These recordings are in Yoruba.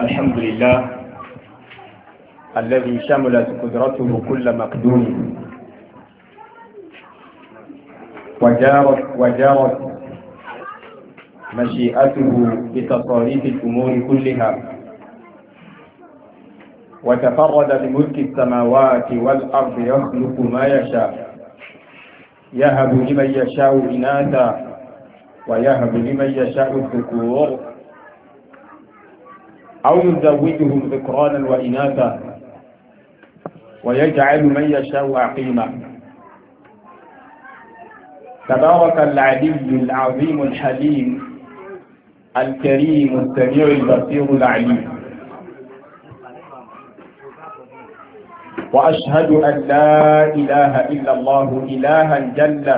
الحمد لله الذي شملت قدرته كل مقدوم وجارت وجارت مشيئته بتصاريف الأمور كلها وتفرد بملك السماوات والأرض يخلق ما يشاء يهب لمن يشاء إناثا ويهب لمن يشاء الذكور أو يزوجهم ذكرانا وإناثا ويجعل من يشاء عقيما تبارك العلي العظيم الحليم الكريم السميع البصير العليم وأشهد أن لا إله إلا الله إلها جل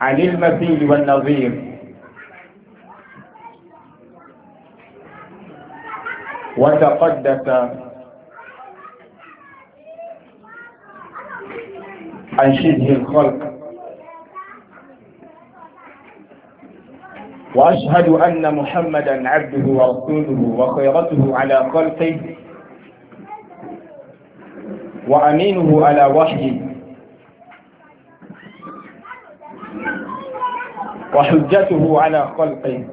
عن المثيل والنظير وتقدس عن شبه الخلق وأشهد أن محمدا عبده ورسوله وخيرته على خلقه وأمينه على وحيه وحجته على خلقه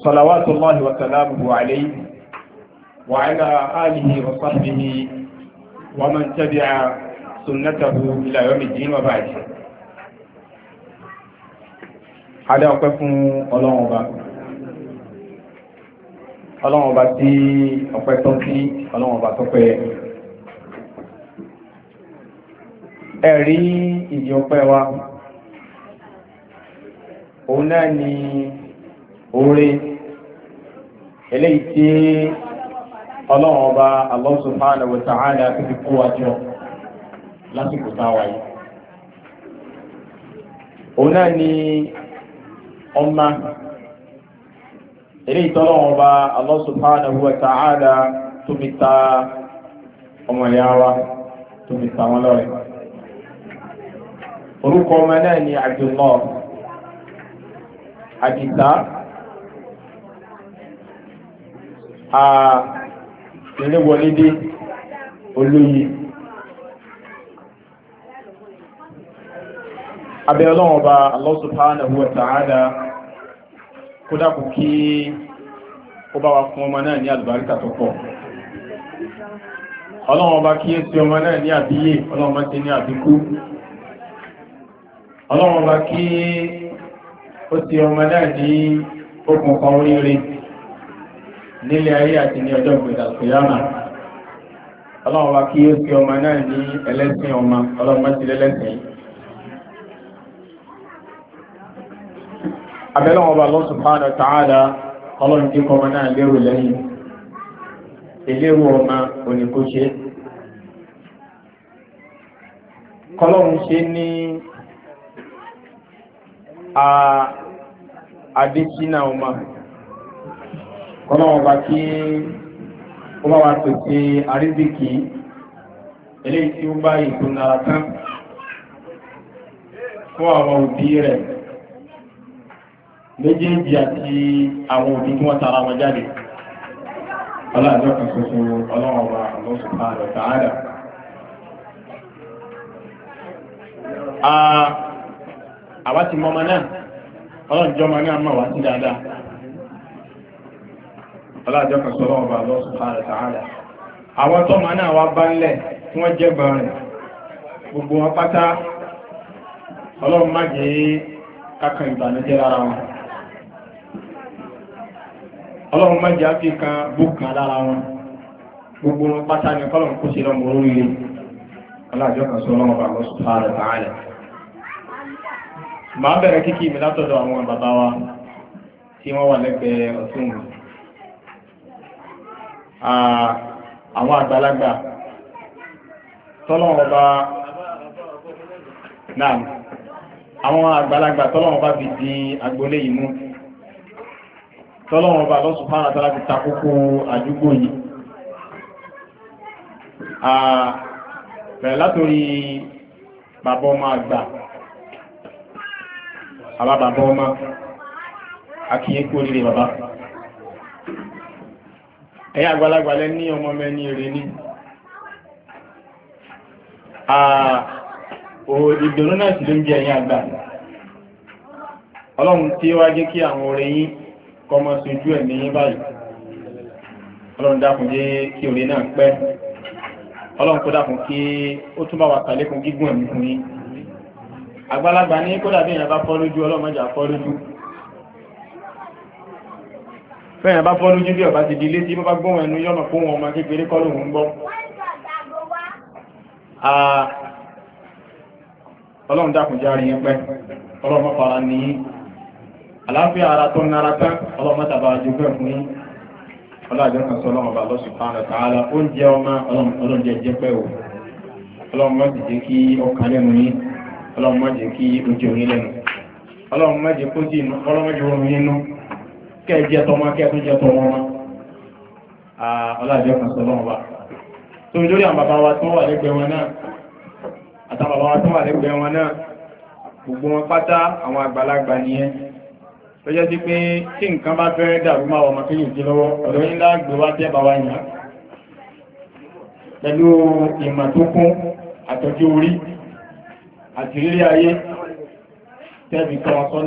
صلوات الله وسلامه عليه وعلى آله وصحبه ومن تبع سنته إلى يوم الدين وبعد على أقف الله وبعد ọlọ́run ọba tí ọpẹ́ tó sí ọlọ́run ọba tó pẹ́ ẹ̀rí ìdí ọpẹ́ wa òun náà ni oore eléyìí tí ọlọ́run ọba Allah subhanahu wa tó fi jọ lásìkò táwa yìí. òun náà ni ọmọ eléyìí tọ́lọ́run ọba Allah subhanahu wa tó fi ta ọmọ ìyá wa tó a ìléwọlédé olóyè abẹ́ ọlọ́run ọba Allah subhanahu wa ta'ala kó dákun kí ó bá wa fún ọmọ náà ní àlùbáríkà tó pọ̀ ọlọ́run ọba kí é sí ọmọ náà ní àbíyè ọlọ́run ọba ti ní àbíkú ọlọ́run ọba kí ó sí ọmọ náà ní okùn kan oríire nílé ayé àti ní ọjọ́ ìgbèdà kìyàmà ọlọ́run wa kí ó fi ọmọ náà ní ẹlẹ́sìn ọmọ ọlọ́run mẹ́sì lẹ́lẹ́sìn abẹ́lọ́wọ́ bá Allah subhanahu wa ta'ala ọlọ́run tí kọmọ náà lérò lẹ́yìn ìlérò ọmọ oníkóṣe kọlọ́run ṣe ní àdísínà ọmọ kọ́lọ́wọ́ bá kí ó bá wa pèsè àrídìkì eléyìí tí ó bá ìkúnnara tán fún àwọn òbí rẹ̀ méjèèjì àti àwọn òbí tí wọ́n tara wọn jáde ọlọ́àjọ́ kan ṣoṣo ọlọ́wọ́ bá lọ́sùpá rẹ̀ tààdà àwa ti mọ́mọ náà ọlọ́njọ́ mọ́ náà mọ̀ wá sí dáadáa ọlájọ́ kan sọ́rọ̀ ọba lọ́sùn ààrẹ tààrà àwọn tọ́mọ náà wá bá ńlẹ̀ tí wọ́n jẹ́ gbọ́n rẹ̀ gbogbo wọn pátá ọlọ́run má jẹ́ kákan ìbànújẹ́ lára wọn ọlọ́run má jẹ́ áfíkan búkan lára wọn gbogbo wọn pátá ni kọ́lọ̀n kó ṣe lọ́mọ oríire ọlájọ́ kan sọ́rọ̀ ọba lọ́sùn ààrẹ tààrà màá bẹ̀rẹ̀ kíkì mi bàbá wa tí wọ́n wà lẹ́gbẹ̀ẹ́ ọ̀tún àwọn àgbàlagbà tọ́lọ́wọ́ bá náà àwọn àgbàlagbà tọ́lọ́wọ́ bá fi di agbolé yìí mú tọ́lọ́wọ́ bá lọ́sùn fún àtàlá fi takókó àdúgbò yìí bẹ̀rẹ̀ látorí bàbá ọmọ àgbà àbábàbá ọmọ akíyékó lílé bàbá ẹ̀yà àgbàlagbà lẹ ní ọmọ mẹ́ni rẹ̀ ní ìdùnnú náà sì ló ń jẹ ẹ̀yà àgbà ọlọ́run tí ó wá jẹ́ kí àwọn orí yín kọmọ sojú ẹ̀ ní báyìí ọlọ́run dákun jẹ́ kí orí náà pẹ́ ọlọ́run kó dákun kí ó túnbà wà kàlékún gígùn fẹ́yìn bá fọ́ lójú bí ọba ti di ilé tí bá gbọ́n ẹnu yọ́nà fún wọn ọmọ kékeré kọ́ lóhun gbọ́. ọlọ́run ọlọ́run kẹ́ẹ̀jẹ́ tọmọ kẹ́ẹ̀túnjẹ́ tọmọ wọn ọlájọ́ kan sọ́lọ́wọ́ wa tó ń lórí àwọn bàbá wa tó wà lẹ́gbẹ̀ẹ́ wọn náà àtàwọn bàbá wa tó wà lẹ́gbẹ̀ẹ́ wọn náà gbogbo wọn pátá àwọn àgbàlagbà nìyẹn tó jẹ́ sí pé tí nǹkan bá fẹ́ dàrú máa wọ mọ́kéyìntì lọ́wọ́ ọ̀dọ́ yín láàgbé wá tẹ́ bá wa yàn pẹ̀lú ìmọ̀ tó kún àtọ́jú orí àti rírí ayé tẹ́bì kan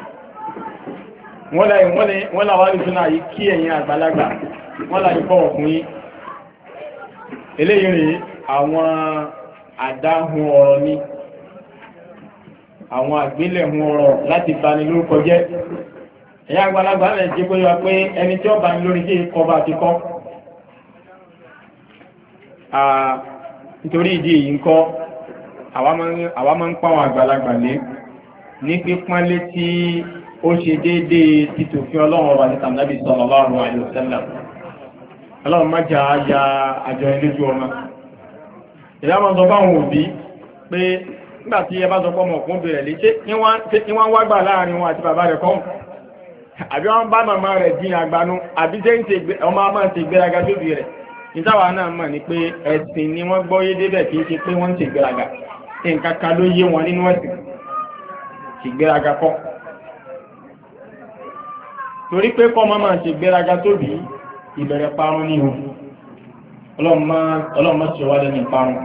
wọ́n làwárí súnà yìí kí ẹ̀yin àgbàlagbà wọ́n láyé fọ́wọ̀ fún yín eléyìí àwọn àdáhùn ọ̀rọ̀ ni àwọn àgbélẹ̀hùn ọ̀rọ̀ láti bani lórúkọ jẹ́ ẹ̀yà àgbàlagbà rẹ̀ jẹ́ pé wá pé ẹni tí ó bani lórí jẹ́ ìkọba àti kọ́ nítorí ìdí èyí ń kọ́ máa ń pàwọn ó ṣe déédéé títòfin ọlọ́run ọba níta nàbì sallallahu alaihi wasallam ọlọ́run má jà ya àjọ ilójú ọmọ ìyá máa sọ fáwọn òbí pé nígbà tí ẹ bá sọ pé ọmọ òkú ń bèrè lé ṣé ní wọ́n wá gbà láàrin wọn àti bàbá rẹ̀ kọ́ àbí wọ́n bá màmá rẹ̀ dín àgbanú àbí ọmọ a máa ń ṣe ìgbéraga tóbi rẹ̀ ìtawà náà mọ̀ ní pé ẹ̀sìn ni wọ́n gbọ́ yé débẹ̀ kìí pé wọ́n ń ṣègbéraga nǹkan kan ló yé wọn nínú ẹ̀sìn ṣègbéraga kọ́ torí pé kọ́mọ máa ṣe gbéraga tóbi ìbẹ̀rẹ̀ parun ní ohun ọlọ́mọ ṣe wá lẹ́nu parun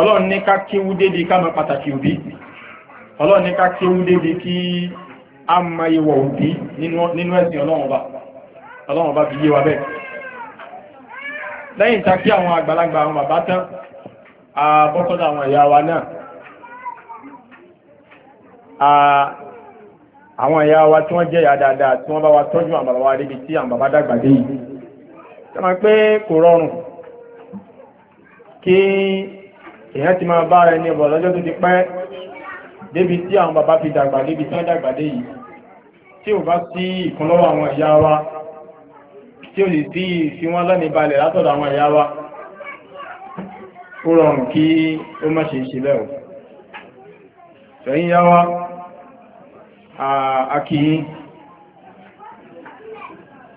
ọlọ́run ní ká kéwú débi ká mọ pàtàkì òbí ọlọ́run ní ká kéwú débi kí a mọ ìwọ̀ òbí nínú ẹ̀sìn ọlọ́run ọba fi yé wa bẹ́ẹ̀ lẹ́yìn tá kí àwọn àgbàlagbà àwọn bàbá tán àbọ́sọ́dọ̀ àwọn ìyá wa náà àwọn ìyá wa tí wọ́n jẹ́ ìyá dáadáa tí wọ́n bá wa tọ́jú àwọn bàbá wa débi tí àwọn bàbá dàgbà dé yìí tí wọ́n pé kò rọrùn kí èyàn ti máa bá rẹ ní ọ̀bọ̀ lọ́jọ́ tó ti pẹ́ débi tí àwọn bàbá fi dàgbà débi tí wọ́n dàgbà dé yìí tí ò bá sí ìkan àwọn ìyá wa tí ò sì sí ìfi wọn lẹ́ni balẹ̀ látọ̀dọ̀ àwọn ìyá wa ó rọrùn kí ó má ṣe ṣe bẹ́ẹ̀ o ṣẹ̀yìn yá wa àkìyí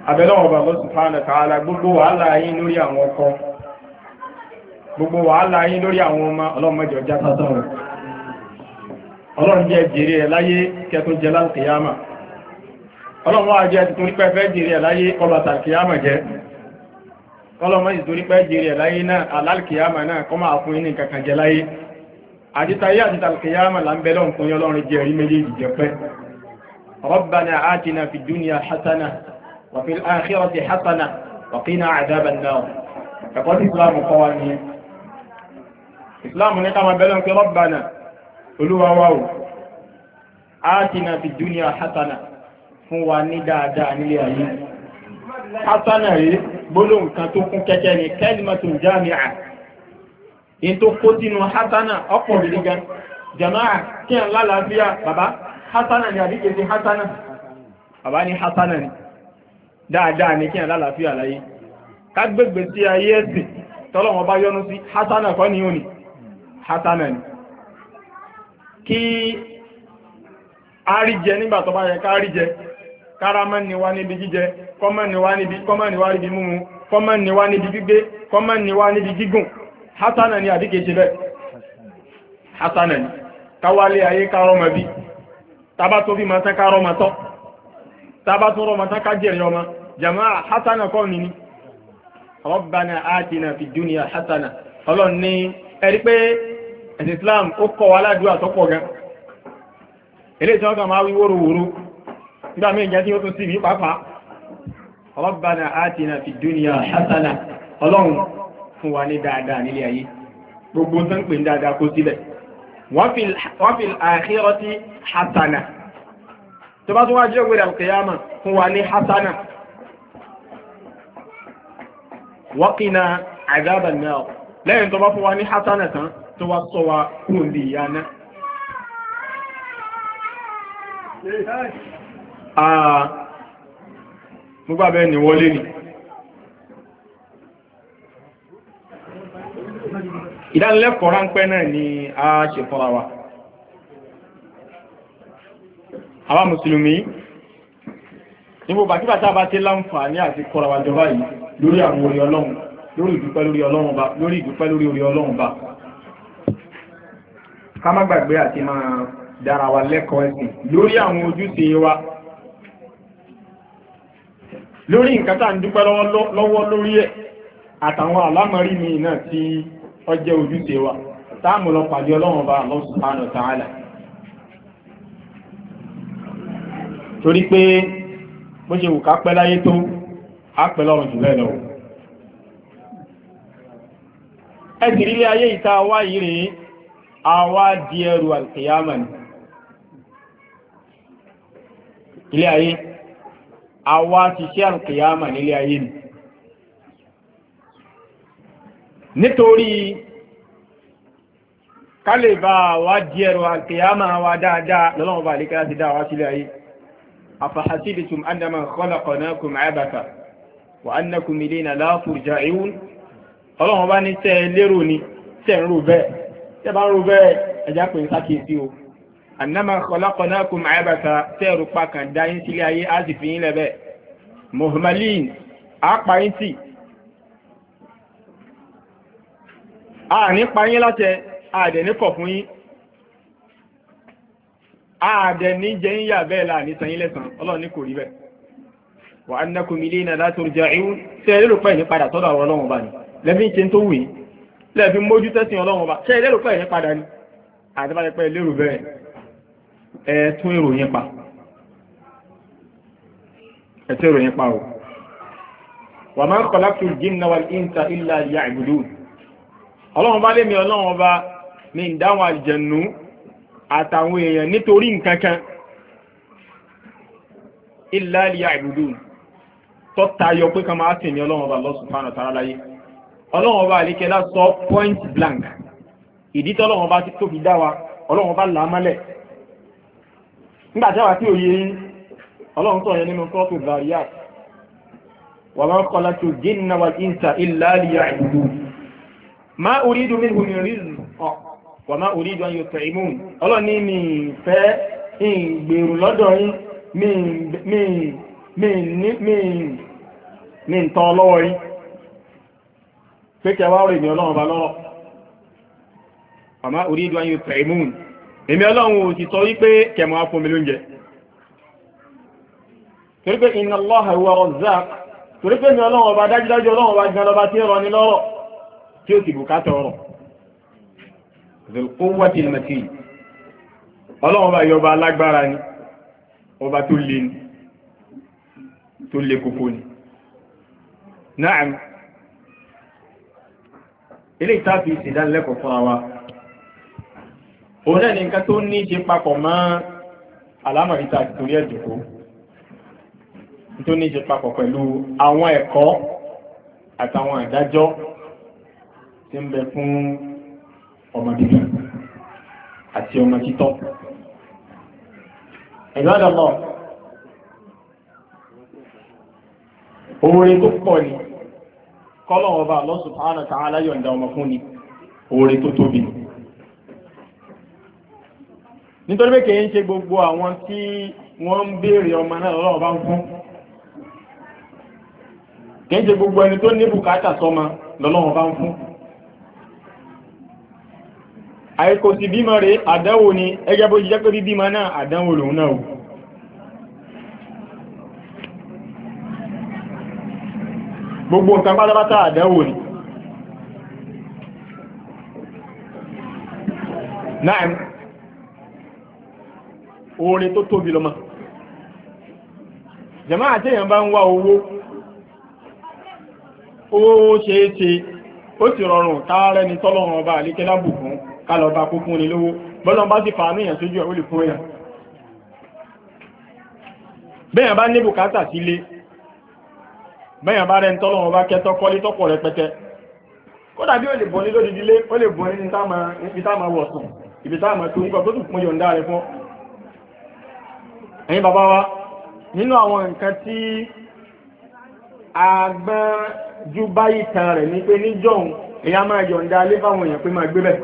àbẹ́lọ́wọ̀ bàbá subhanahu ta'ala gbogbo wàhálà yín lórí àwọn ọkọ gbogbo wàhálà yín lórí àwọn ọmọ ọlọ́mọjọ já sásán jẹ́ jèrè ẹ̀ láyé jẹ lálkìyàmà ọlọ́run wá jẹ́ tuntun nípa ẹfẹ́ jèrè ẹ̀ láyé kọlọ̀ jẹ́ pẹ́ jẹ ربنا آتنا في الدنيا حسنة وفي الآخرة حسنة وقنا عذاب النار ẹ̀kọ́ tí ìsìláàmù kọ́ wa ní ìsìláàmù ní káàmà bẹ́lẹ̀ pé rọ́bàna olúwawáwò áàtìna fi dúnìyà hasana fún wa ní dáadáa nílé ayé hasana rí gbólóhùn kan tó kún kẹ́kẹ́ ní kalimatun jami'a in tó kó sínú hasana ọ̀pọ̀ gidi gan jama'a kí n lálàáfíà bàbá hasana ni àbí kèsè hasana bàbá ní hasana ni dáadáa ní kí àlàáfíà láyé ká gbégbé sí ayé ẹ̀sìn tọ́lọ́wọ́n bá yọ́nú sí hasana kọ́ ni òní hasana ni kí àríjẹ nígbà tó bá yẹ ká àríjẹ káramọ́ ni wá níbi jíjẹ kọ́mọ́ ni wá níbi múmu kọ́mọ́ ni wá níbi gbígbé kọ́mọ́ ni wá níbi gígùn hasana ni àbí kèsè bẹ́ẹ̀ hasana ni káwálé ayé kárọ́mọ bíi tàbá tó bí ma tán ká rọmọ tọ́ tàbá tó rọmọ tán ká jẹ̀rẹ̀ ọmọ jama'a hasana kọ́ ni ni rabbana atina fi dunya hasana ọlọ́run ní ẹ̀rí pé ẹ̀sìn islam ó kọ́ wa ládùúgbà tó pọ̀ gan eléyìí tí wọ́n kàn máa wí wóróworó nígbà míì jẹ́ tí ó tún sí mi pàápàá rabbana atina fi dunya hasana ọlọ́run fún wa ní dáadáa nílé ayé gbogbo tó ń pè ní dáadáa kó síbẹ̀ wọ́n fi àkírọ́tí hasana tó bá tún wá jẹ́ ògbèrè alkiyama fún wa ní hasana wọ́kìnà àgábà náà lẹ́yìn tó bá fún wa ní hasana tán tó wá sọ wa kún lè yánà ah, gbogbo abẹ́ ni wọlé ni ìdánilẹ́kọ̀ọ́ ráńpẹ́ náà ni a ṣe fọ́ra wa àwa mùsùlùmí níbo bàtíbà tá a bá tí láǹfààní àti kọ́ra wa jọba yìí lórí àwọn orí ọlọ́run lórí ba lórí ìdúpẹ́ lórí ba ká má gbàgbé àti máa dára wa lẹ́kọ̀ọ́ ẹ̀sìn lórí àwọn ojúṣe wa lórí nǹkan tá à ń dúpẹ́ lọ́wọ́ lórí ẹ̀ àtàwọn àlámọ̀rí mi náà ti ọjẹ́ ojúṣe wa táàmù lọ pàdé ọlọ́run ọba Allah subhanahu wa ta'ala torí pé bó ṣe wù ká pẹ́ láyé tó á pẹ́ lọ́run jù bẹ́ẹ̀ lọ ẹ̀sì rí ayé ìta wá yìí rèé àwa di ẹrù alkiyama ni ilé ayé àwa ti ṣe alkiyama nílé ayé ni nítorí kálẹ̀bà wá díẹ̀rọ àkèyàmà wa dáadáa lọ́lọ́wọ́ bá àlékà láti dáa wá sílẹ̀ ayé afahasibitum annama khalaqnakum abata wa annakum ilayna la turja'un ọlọ́wọ́ bá ní tẹ́ lérò ni tẹ́ ń rò bẹ́ẹ̀ tẹ́ bá ń rò bẹ́ẹ̀ ẹjá pè ń sákèsí o a ní pa yín láti kọ̀ fún jẹ ń yà bẹ́ẹ̀ láà sanyín lẹ́sàn ọlọ́run ní kò rí bẹ́ẹ̀ wà á nẹ́kù mi lé ìwú tẹ́ ẹ lérò pé ẹ̀yìn padà tọ́dọ̀ ọlọ́run bá ní lẹ́bí ń ṣe tó wù lẹ́bí mójú tẹ́sìn ọlọ́run bá tẹ́ ẹ lérò padà ní ọlọ́run bá lémi ọlọ́run ọba àjẹ̀nú àtàwọn èèyàn nítorí nkankan illa liya'budun tó tayọ pé kan máa sìn ní ọlọ́run ọba Allah subhanahu tara láyé ọlọ́run ọba sọ point blank ìdí tí tó fi dáwa ọlọ́run ọba là á mọ́lẹ̀ wà ọlọ́run nínú ma uridu minhum min rizq wa ma uridu an yut'imun ọlọ́ni mi fẹ́ ìgbèrú lọ́dọ̀ yín mi ń tọ́ lọ́wọ́ yín pé kẹwàá rẹ̀ ní ọlọ́run bá lọ́rọ̀ wa ma uridu an èmi ọlọ́run ò sì sọ wípé kẹmọ́ afọ́mi lóúnjẹ torípé inna Allaha torípé ọlọ́run ọba ọba gan tí tí ó sì bùkátà ọ̀rọ̀ zulkuwati mati ọlọ́run bá yọba alágbára ni ọba tó le ni tó le koko ni naam ilé ìtàfi ìsìdánilẹ́kọ̀ọ́ fúnra wa òun náà ni nǹkan tó ní ṣe papọ̀ mọ́ alámọ̀ríta torí ẹ̀jùkú tó ní ṣe papọ̀ pẹ̀lú àwọn ẹ̀kọ́ àtàwọn àdájọ́ tí ń bẹ fún ọmọ bíbí àti ọmọ títọ́ ìgbádọ̀mọ̀ oore tó pọ̀ ni kọ́lọ̀ ọba Allah subhanahu wa ta'ala yọ̀ǹda ọmọ fún ni oore tó tóbi nítorí pé kìí ṣe gbogbo àwọn tí wọ́n ń béèrè ọmọ náà lọ́wọ́ bá ń fún kìí ṣe gbogbo ẹni tó ní bùkátà sọ́mọ lọ́wọ́ bá ń fún àìkò sí bímọ rẹ̀ àdánwò ni ẹgbẹ́ bó jẹ́ pé bíbímọ náà àdánwò lòun náà o gbogbo nǹkan pátápátá àdánwò ni náà orin tó tóbi ma. jẹ̀mọ́ àtẹ́yàn bá ń wá owó ó ṣeéṣe ó sì rọrùn tààrẹ ni tọ́lọ́run ọba kálọ̀ bá kú fún ni lówó bọ́lọ́n bá sì fàánú èèyàn sójú ẹ̀ ó lè fún èèyàn bẹ́yàn bá ní bùkátà sílé bẹ́yàn bá rẹ̀ ń tọ́lọ́wọ́n bá kẹ́tọ́ kọ́lé tọ́pọ̀ rẹpẹtẹ kódà bí ó lè bọ̀ ní lódìdílé ó lè bọ̀ ní ibi wa nínú àwọn nǹkan tí agbọ́n ju báyìí kan rẹ̀ ní pé níjọ́un èyí a máa yọ̀ǹda lé fáwọn èèyàn pé máa gbé bẹ́ẹ̀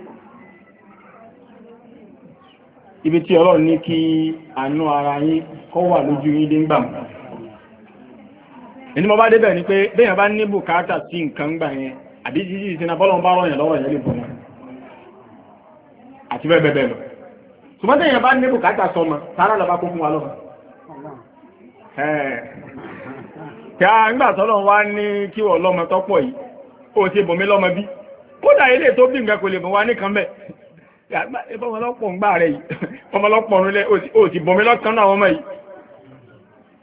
ibi tí ọlọ́run ní kí àánú ara yín kọ́ wà lójú yín dé ń gbà ẹni bá débẹ̀ ni pé béèyàn bá ní bùkátà sí nǹkan gbà yẹn àbí jíjí bá lọ́rọ̀ yẹn lè bọ̀ àti bẹ́ẹ̀ bẹ́ẹ̀ lọ ṣùgbọ́n bá ní bùkátà sọmọ sára lọ bá kó fún wa lọ́wọ́ a ń gbà wá ní kí wọ́n lọ́mọ tọ́pọ̀ yìí ó ti lọ́mọ bí kódà ilé tó bí nǹkan kò ọmọlọ́pọ̀ ń gbà rẹ̀ yìí ọmọlọ́pọ̀ ń lẹ́ o sì bọ̀mí lọ́kàn náà ọmọ yìí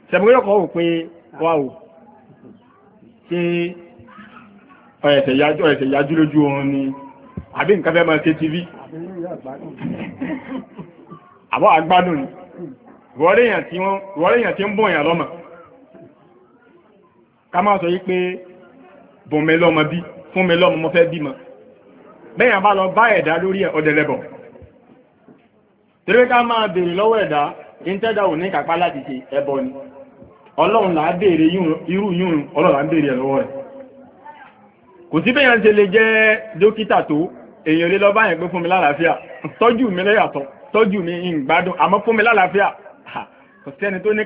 sẹ̀múgbẹ́lọ́kọ̀ wò pé wà ó ṣe ọ̀ẹ̀sẹ̀ yájú lójú oorun ni àbí nǹkan fẹ́ máa ṣe TV àbọ̀ àgbádùn ni ìwọ́lẹ́yàn tí ń bọ̀ èèyàn lọ́mọ ká máa sọ yí pé bọ̀mẹ́lọ́mọ bí fún mi lọ́mọ mo fẹ́ bímọ bẹ́yàn bá lọ bá ẹ̀dá lórí ọdẹlẹ́bọ̀ torí máa lọ́wọ́ ẹ̀dá ìntẹ́dà ní kápá láti ṣe ẹbọ ni ọlọ́run là á irú yúrun ọlọ́run là ń lọ́wọ́ rẹ̀ kò sí ṣe lè jẹ́ dókítà tó èèyàn lè lọ báyẹn pé fún mi lálàáfíà tọ́jú mi lẹ́yàtọ̀ tọ́jú mi ń gbádùn àmọ́ fún mi lálàáfíà kò sí ẹni tó ní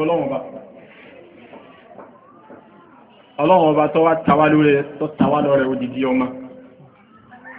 ọba ọlọ́run ọba tọ́wá tawá lórí tọ́tawá lọ́rẹ̀ odidi ọmọ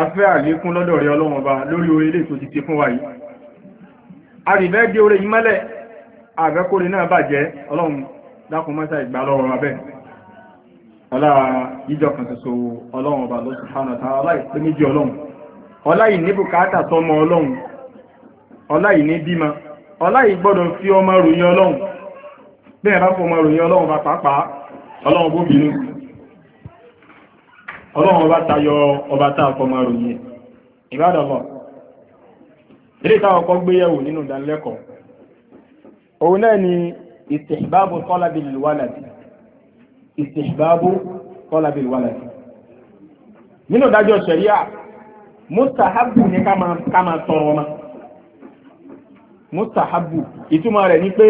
afẹ́ àlékún lọ́dọ̀ rẹ ọlọ́run ọba lórí orílẹ̀ tó ti ṣe fún wa yìí àrìbẹ́ gé orí yìí mọ́lẹ̀ àbẹ́kóre náà bàjẹ́ ọlọ́run dákun mọ́ta ìgbà lọ́wọ́ wa bẹ́ẹ̀ ọlá ìjọ kan ṣoṣo ọlọ́run ọba lọ́sùn hánà tààrà ọlá ìpé méjì ọlọ́run ọlá yìí ní bùkátà tọmọ ọlọ́run ọlá yìí ní bímọ ọlá yìí gbọ́dọ̀ fi ọmọ ròyìn ọlọ́run bẹ́ẹ̀ bá fọmọ ròyìn ọlọ́run bá pàápàá ọlọ́run bóbinú ọlọ́run ọba tayọ ọba tá àfọmọ ròyìn ìbádọ́lọ́ ilé ìta ọkọ̀ gbéyẹ̀wò nínú ìdánilẹ́kọ̀ọ́ òun náà ni ìsìnbábù tọ́lábìlì wàlàdì ìsìnbábù tọ́lábìlì wàlàdì nínú ìdájọ́ ṣẹ̀ríà mustahabu ni ká máa tọrọ ọmọ mustahabu ìtumọ̀ rẹ̀ ni pé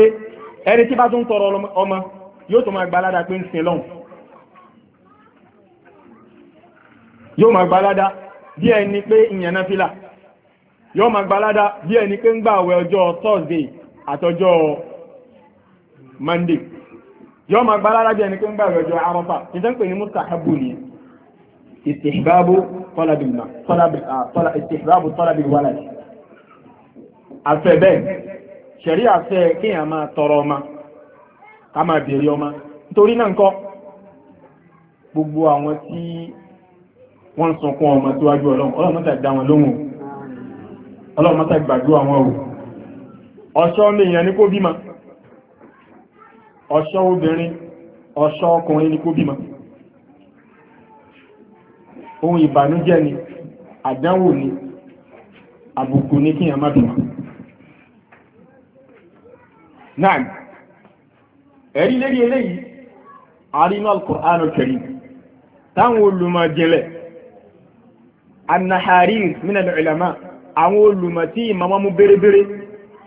ẹni tí bá tún tọrọ ọmọ yóò tún máa gbalada pé ń sin lọ́hùn yóò máa gbalada bí ẹni pé ìyànná fílà yóò máa gbalada bí ẹni pé ń gbà ọjọ́ Thursday àtọjọ́ Monday yóò máa gbalada bí ẹni pé ń gbà àwẹ̀ ọjọ́ Arafah ìtẹ́ ń pè ní mustahabu ni istihbabu ah, bẹ́ẹ̀ ṣẹ̀rí àfẹ́ kíyàn tọrọ ọmọ ká máa bèèrè ọmọ nítorí náà ń kọ́ gbogbo àwọn tí wọ́n sunkún ọmọ tíwájú ọlọ́run ọlọ́run mọ́ta dá wọn lóhùn ọlọ́run mọ́ta gbàdúrà wọn o ọ̀ṣọ́ lèèyàn ní kó bímọ ọ̀ṣọ́ obìnrin ọ̀ṣọ́ ọkùnrin ní kó bímọ ohun ìbànújẹ́ ni àdánwò ni àbùkù ní kíyàn má bímọ náà ẹ̀rí lérí eléyìí àrínà Al-Qur'an táwọn olùmọ̀ jẹ́lẹ̀ anaharir minal ulama àwọn olùmọ̀ tí ìmọ̀ mú bérebére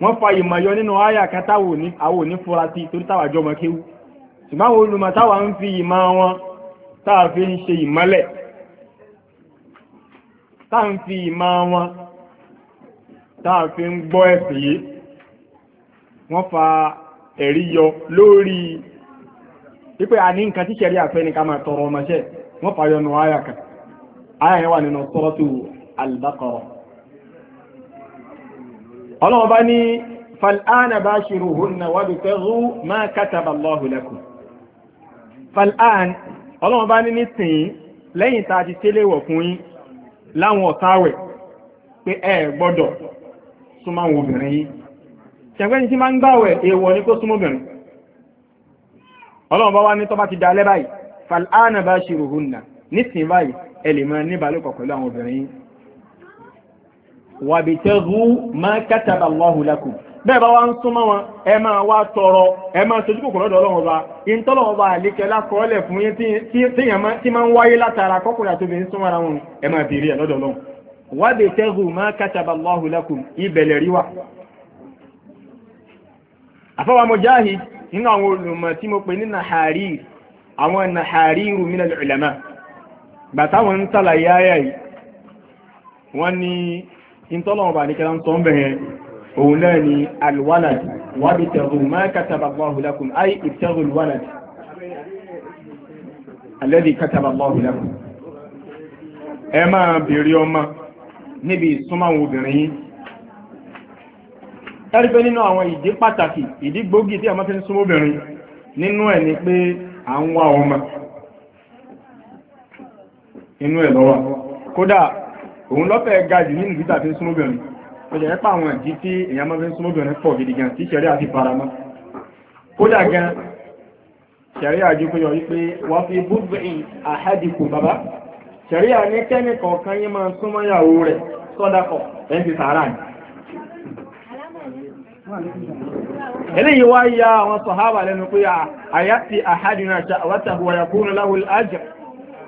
wọ́n fa ìmọ̀ yọ nínú àyà kátà àwọn òní fura sí torí táwà jọmọ kéwú ṣùgbọ́n àwọn olùmọ̀ táwà ń fi ìmọ̀ wọn táà fi ń ṣe ìmọ́lẹ̀ táà ń fi ìmọ̀ wọn táà fi ń gbọ́ ẹ̀sìn yìí wọ́n fa ẹ̀rí yọ lórí wípé a nǹkan tí ṣẹ̀rí àfẹ́ ní ká máa tọrọ ọmọṣẹ́ wọ́n fa yọnu àyà kan ayẹyẹ wà nínú suratu al-Baqara ọlọ́wọ́ bá ní fal'ana bashiruhunna wabtaghu ma kataba Allahu lakum fal'an ọlọ́wọ́ bá ní ní tìyín lẹ́yìn tá a ti tẹ́lẹ̀ wọ̀ fún yín láwọn ọ̀táwẹ̀ pé ẹ gbọ́dọ̀ súnmọ́ àwọn obìnrin yìí ṣẹ̀gbẹ́ni tí máa ń gbàwẹ̀ èèwọ̀ ní kó súnmọ́ obìnrin ọlọ́run bá wá ní tó bá ti dalẹ́ báyìí fal'ana bashiruhunna nísìnyí báyìí ẹ lè máa níbàálòpọ̀ pẹ̀lú àwọn obìnrin wà bí tẹ́gù máa kátàbà Allahu lakum bẹ́ẹ̀ bá wá ń súnmọ́ wọn ẹ máa wá tọrọ ẹ máa sojú kòkòrò ọ̀dọ̀ ọlọ́run ọba ìntọ́lọ̀ ọba àlékẹ́ lákọọ́lẹ̀ fún yín tí máa ń wáyé látara kọkùnrin àti obìnrin súnmọ́ ara wọn ẹ máa bèèrè ẹ̀ lọ́dọ̀ ọlọ́run nínú àwọn olùmọ̀ tí mo pè ní nàhàrí àwọn nàhàrí rùmínà ulama gbàtàwọn ń sàlàyé ayà yìí wọ́n ní ìtọ́lọ̀wọ̀n bà ní kẹran tó ń bẹ̀rẹ̀ òun náà ni alwalad wàbí tẹ̀rù máa kataba Allahu lakum ay ìtẹ̀rù alwalad alladhi kataba Allahu lakum ẹ máa bèèrè ọmọ níbi ìsúnmáwọn obìnrin yìí inú ẹ̀ lọ́wọ́ kódà òun lọ́fẹ̀ ga nínú ìgbésà fi ń ó jẹ́ pé àwọn ìdí tí èèyàn máa fi ń pọ̀ gidi gan tí ṣẹ̀rí àti faramọ́ kódà gan ṣẹ̀rí pé yọrí pé fi búgbìn àhádìkù bàbá ṣẹ̀rí àní kẹ́nì kọ̀ọ̀kan ya àwọn sàhábà lẹ́nu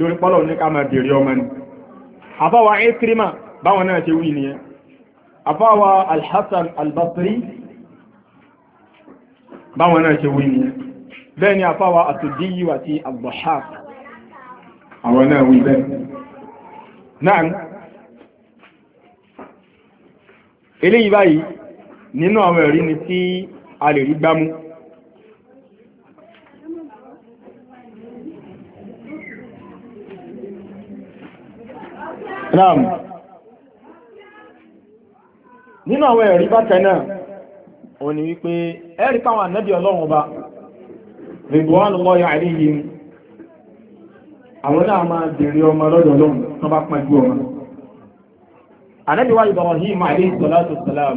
lórí pọ́lọ̀ ní ká máa bèèrè ọmọ ni àfáwà Ikrima báwọn náà ṣe wí nìyẹn àfáwà Al-Hasan Al-Basri báwọn náà ṣe wí nìyẹn bẹ́ẹ̀ ni àfáwà àtòdíyí àti al àwọn náà wí bẹ́ẹ̀ náà nínú àwọn ẹ̀rí bákan náà ó ní wípé ẹ̀rí páwọn ànábì ọlọ́run ọba ridwanullahi alaihim àwọn náà máa bèèrè ọmọ lọ́dọ̀ ọlọ́run bá pàjú ọmọ ànábì wa Ibrahim alayhi salatu wassalam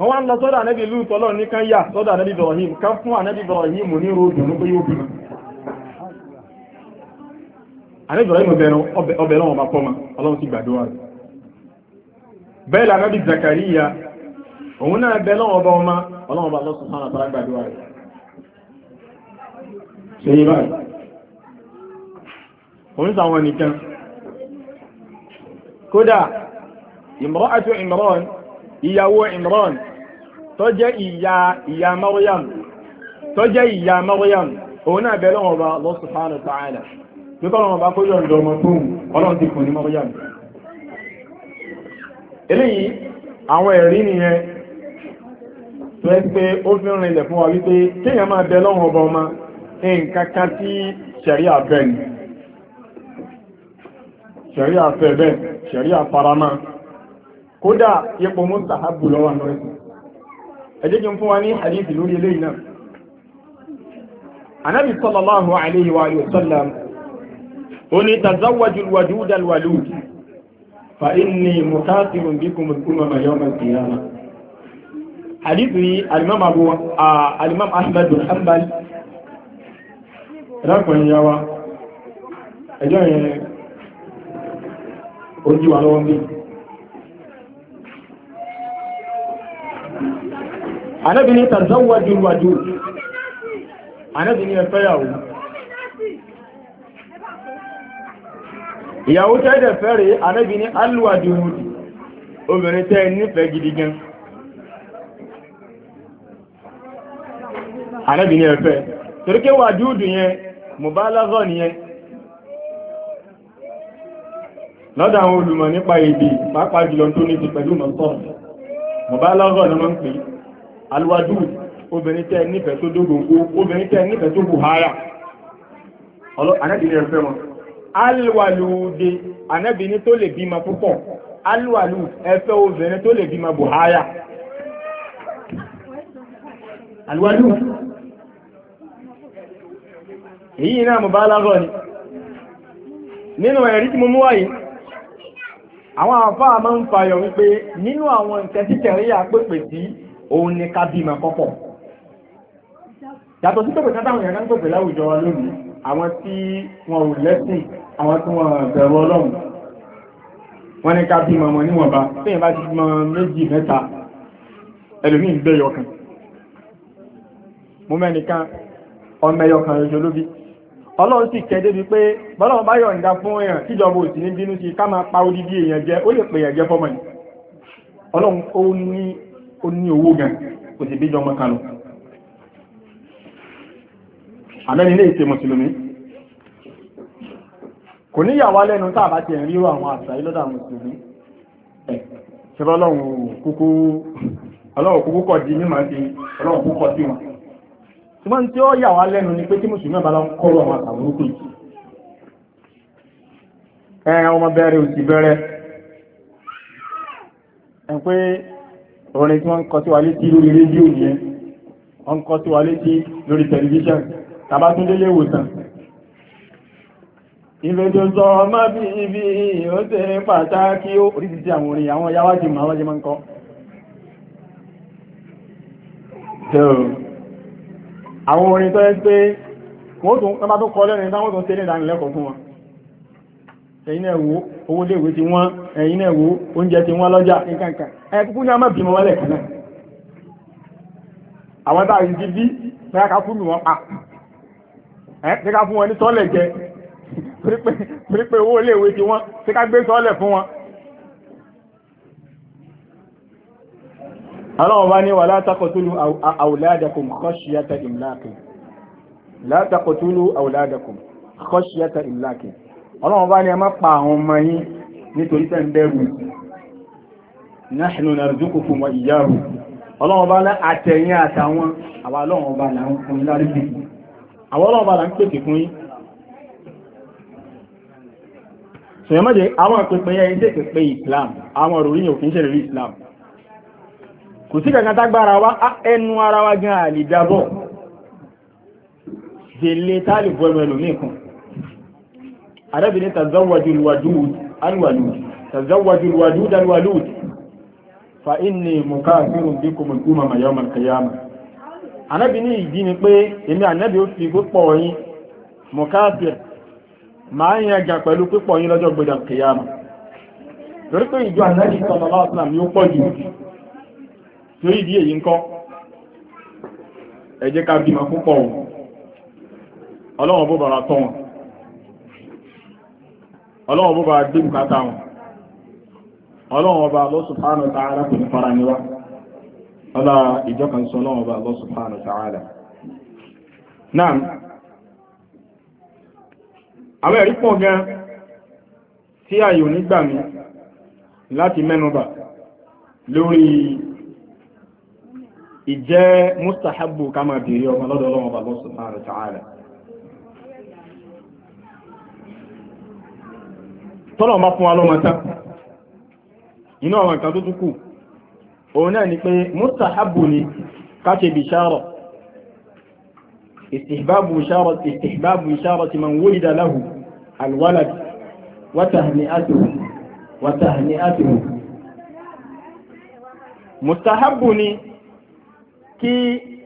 wọ́n wá ń lọ sọ́dọ̀ ànẹ́bì ìlú tọ́lọ̀ ní kan yà sọ́dọ̀ ànẹ́bì Ibrahim kan fún ànẹ́bì Ibrahim ní ròdùn ní pé yóò bímọ ànẹ́bì Ibrahim ọbẹ̀ náà ọba pọ́mà ọlọ́run ti gbàdúrà rẹ̀ bẹ́ẹ̀ lẹ́ ànẹ́bì Zakariya òun náà bẹ́ẹ̀ náà ọba ọmọ ọlọ́run ìyàwó Imran tó jẹ́ ìyá ìyá Maryam tó jẹ́ ìyá Maryam òun náà bẹ̀rẹ̀ wọn bá Allah tó bá ọmọ fún ọlọ́run ti fún ní Maryam eléyìí àwọn ẹ̀rí nìyẹn tó ẹ́ pé ó fi ń rinlẹ̀ fún wa wípé kéèyàn máa bẹ lọ́wọ́ ọba ọmọ nǹkan kan tí ṣẹ̀rí àfẹ́ ni ṣẹ̀rí àfẹ́ bẹ́ẹ̀ ṣẹ̀rí kódà ẹjẹ́ kí n fún wa ní hadithi lórí eléyìí náà anabi sallallahu alayhi wa sallam ó ní tazawwaju alwadud alwalud fa inni mukathirun bikum al-umama yawm al-qiyamah hadithi al-imam abu al-imam ahmad hanbal rakun yawa ẹjọ́ yẹn ojú wa lọ́wọ́ bíi Ànábì ní tàzọ́wọ́dù wàdù Ànábì ní ẹfẹ́yàwó ìyàwó tẹ́ẹ̀dẹ̀ fẹ́rẹ̀ Ànábì ní alúwàdù obìnrin tẹ́ẹ̀ nífẹ̀ẹ́ gidi gan Ànábì ní ẹfẹ́ toríké wàdúùdù yẹn mọ̀bálázọ́ nìyẹn lọ́dọ̀ àwọn olùmọ̀ nípa èdè pàápàá jùlọ tó ní ti pẹ̀lú mọ̀tọ́ mọ̀bálázọ́ ni alwadu obìnrin tẹ́ nífẹ̀ẹ́ tó dógóngó obìnrin tẹ́ nífẹ̀ẹ́ tó buhara anẹ́bìnrin ẹ̀fẹ́ wọn alwalude anẹ́bìnrin tó lè bímọ púpọ̀ alwalu ẹfẹ́ obìnrin tó lè bímọ buhara alwalu èyí náà mo bá lágọ́ ni nínú ẹ̀rí tí mo mú wáyé àwọn àfáà máa ń fàyọ̀ wípé nínú àwọn nǹkan tí tẹ̀ríyà pèpè sí òun ni ká bímọ kọ́pọ̀ yàtọ̀ sí pẹ̀pẹ̀ kátàwọn èèyàn ń pẹ̀pẹ̀ láwùjọ wa lónìí àwọn tí wọn ò lẹ́sìn àwọn tí wọn bẹ̀rù ọlọ́run wọ́n ní ká bímọ wọn níwọ̀nba fẹ́yìn bá ti bímọ méjì mẹ́ta ẹlòmíì ń bẹ́ yọkàn mo mẹ́nìkan ọmọ ẹyọkàn ẹjọ lóbi ọlọ́run sì kẹ́ débi pé bọ́lọ́run bá yọ̀ǹda fún èèyàn tíjọba òsì ní bínú sí ká máa pa odidi èèyàn jẹ ó lè pè èèyàn jẹ fọmọ ni ọlọ́run ó ní ó ní owó gan kò sì bíjọ ọmọ kan àmẹ́ni ilé ìṣe mùsùlùmí kò ní yàwá lẹ́nu tá a bá ti àwọn àṣà yìí mùsùlùmí ẹ̀ ṣẹlẹ̀ ọlọ́run kúkú kọ̀ di mímọ̀ sí ọlọ́run sí wọn tí ó yàwá lẹ́nu ni pé tí mùsùlùmí lọ àwọn àṣà burúkú ọmọ bẹ̀rẹ̀ òsì orin tí wọ́n ń kọ sí wa létí lórí rédíò yẹn wọ́n ń kọ sí wa létí lórí tẹlifíṣàn tàbá tún délé ìwòsàn ìfẹ̀tọ̀tọ̀ ọmọ bí ibi ó tẹ́ pàtàkì ó oríṣiríṣi àwọn orin àwọn yáwájú ma wájú ma ń kọ́ àwọn orin tó ẹ́ pé wọ́n tún kọ́ lẹ́rin táwọn tún tẹ́lẹ̀ ìdánilẹ́kọ̀ọ́ fún wọn ẹ̀yin náà wo owó léèwé ti wọ́n ẹ̀yin náà wo oúnjẹ ti wọ́n lọ́jà nǹkankan ẹ̀ kúkú ní a máa bímọ wọlé kan náà àwọn tá a yìí ti bí bẹ́ẹ̀ ká fún mi wọ́n pa ẹ̀ ṣé ká fún wọn ní sọ́ọ̀lẹ̀ jẹ torí pé owó léèwé ti wọ́n ṣé ká gbé sọ́ọ̀lẹ̀ fún wọn. ọlọ́run bá ní wà látàkọ̀túlù àwòládàkùn kọ́ṣíyàtà ìmláàkì látàkọ̀túlù àwòládàkùn kọ́ṣíyàtà ìmláàkì ọlọ́run bá ní ẹ pa àwọn ọmọ yín nítorí tẹ́ ń bẹ̀rù nahnu narzuqukum wa iyyahum ọlọ́run bá lá àtẹ̀yìn àtàwọn àwọn ọlọ́run bá là ń fún yín lárí bí àwọn ọlọ́run bá là ń pèsè fún Islam àwọn òròrí yóò kìí Islam kò sí kankan tágbára wa ẹnu ara wa gan àlìjábọ̀ jẹ́lẹ̀ tálìbọ̀ ẹ̀mẹ̀lòmí arábìnrin ní tazawwaju alwadud alwalud tazawwaju alwadud alwalud fa inni mukafirun bikum al-umama yawm al-qiyamah anábì ní ìdí ni pé èmi ànábì ó fi púpọ̀ yín mukafir máa ń yàgà pẹ̀lú púpọ̀ yín lọ́jọ́ gbọdọ̀ kìyàmà torí pé ìjọ ànábì sallallahu alaihi wasallam yóò pọ̀ jù torí ìdí èyí ń kọ́ ẹ jẹ́ ká bímọ púpọ̀ ọlọ́wọ́n bó bàrà tọ́ ọlọ́wọ́ bụba bá dé bùkátà wọn ọlọ́wọ́ bá Allah subhanahu wa kò ní fara níwá ọlá ìjọkan ọlọ́wọ́ bá Allah subhanahu wa náà àwọn ẹ̀rí pọ̀ gan tí lori ije mi láti mẹ́nubà lórí ìjẹ́ mustahabu tọ́lọ̀ bá fún wa lọ́mọ tán inú àwọn nǹkan tó túkù òun náà ni pé mustahabu ni káṣe bishara istihbabu bishara istihbabu bishara ti man wulida lahu alwalad wa tahni'atuhu wa tahni'atuhu mustahabu ni kí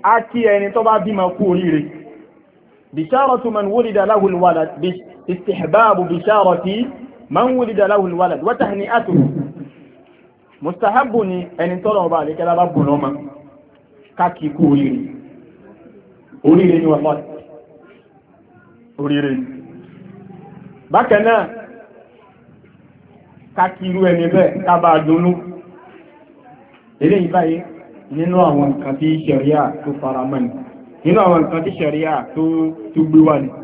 a kí ẹni tó man wulida lahu alwalad wa tahni'atuhu mustahabu ni ẹni tọ́lọ̀ ọba àlékẹ́lá bá ma lọ́mọ káàkiri kú oríire oríire ni oriri. oríire ni bákan náà káàkiri ẹni bẹ́ẹ̀ kábà dúnú eléyìí báyìí nínú àwọn ninu tí ṣẹ̀ríà tó faramọ́ ni nínú awọn nǹkan tí tụ tó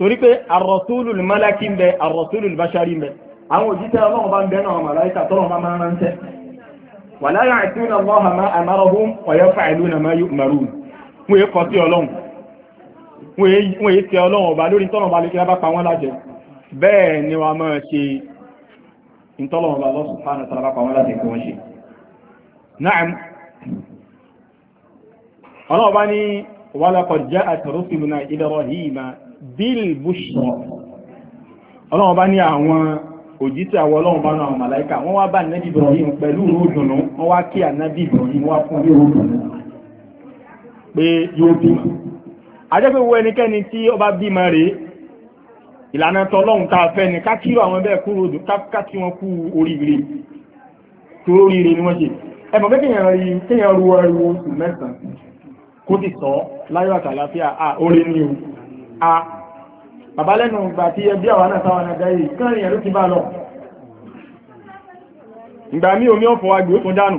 torí pé àrọ̀túlù malaki ń bẹ àrọ̀túlù bashari ń bẹ àwọn òjíṣẹ́ ọlọ́run bá ń bẹ náà màláìka tọ́rọ̀ máa máa ránṣẹ́ wàlá ya'tuna Allaha ma amarahum wa yaf'aluna ma yu'marun wọn èé kọ sí ọlọ́run wọn èé tẹ ọlọ́run ọba lórí tọ́rọ̀ balẹ̀ kí wọ́n bá pa wọ́n lájẹ bẹ́ẹ̀ ni wọ́n máa ṣe ìtọ́lọ́run ọba Allah subhanahu wa bá pa wọ́n lájẹ kí wọ́n ṣe. na'am ọlọ́run bá ní wa laqad ja'at rusuluna Ibrahima bíl bushra ọlọ́run bá ní àwọn òjíṣẹ́ àwọn ọlọ́run bá ní àwọn màláìkà wọ́n wá bá nẹ́bí Ibrahim pẹ̀lú ròdùnú wọ́n wá kí ànábì Ibrahim wá fún ní ròdùnú pé yóò bímọ ajẹ́pẹ́ wo ẹnikẹ́ni tí ó bá bímọ rèé ìlànà tọlọ́run tá a fẹ́ ni ká kírò àwọn bẹ́ẹ̀ kú ròdùn ká kí wọ́n kú oríire tó oríire ni wọ́n ṣe ẹ̀mọ̀ pé kéèyàn ru ẹrù oṣù mẹ́sàn-án kó ti sọ láyọ̀ àtàlàfíà à orin ni o a bàbá lẹ́nu ìgbà tí ẹbí àwọn náà sáwọn ẹgbẹ́ yìí kán ìyẹn ló ti bá lọ ìgbà mí omi ọ̀fọ̀ agbè ó tún dànù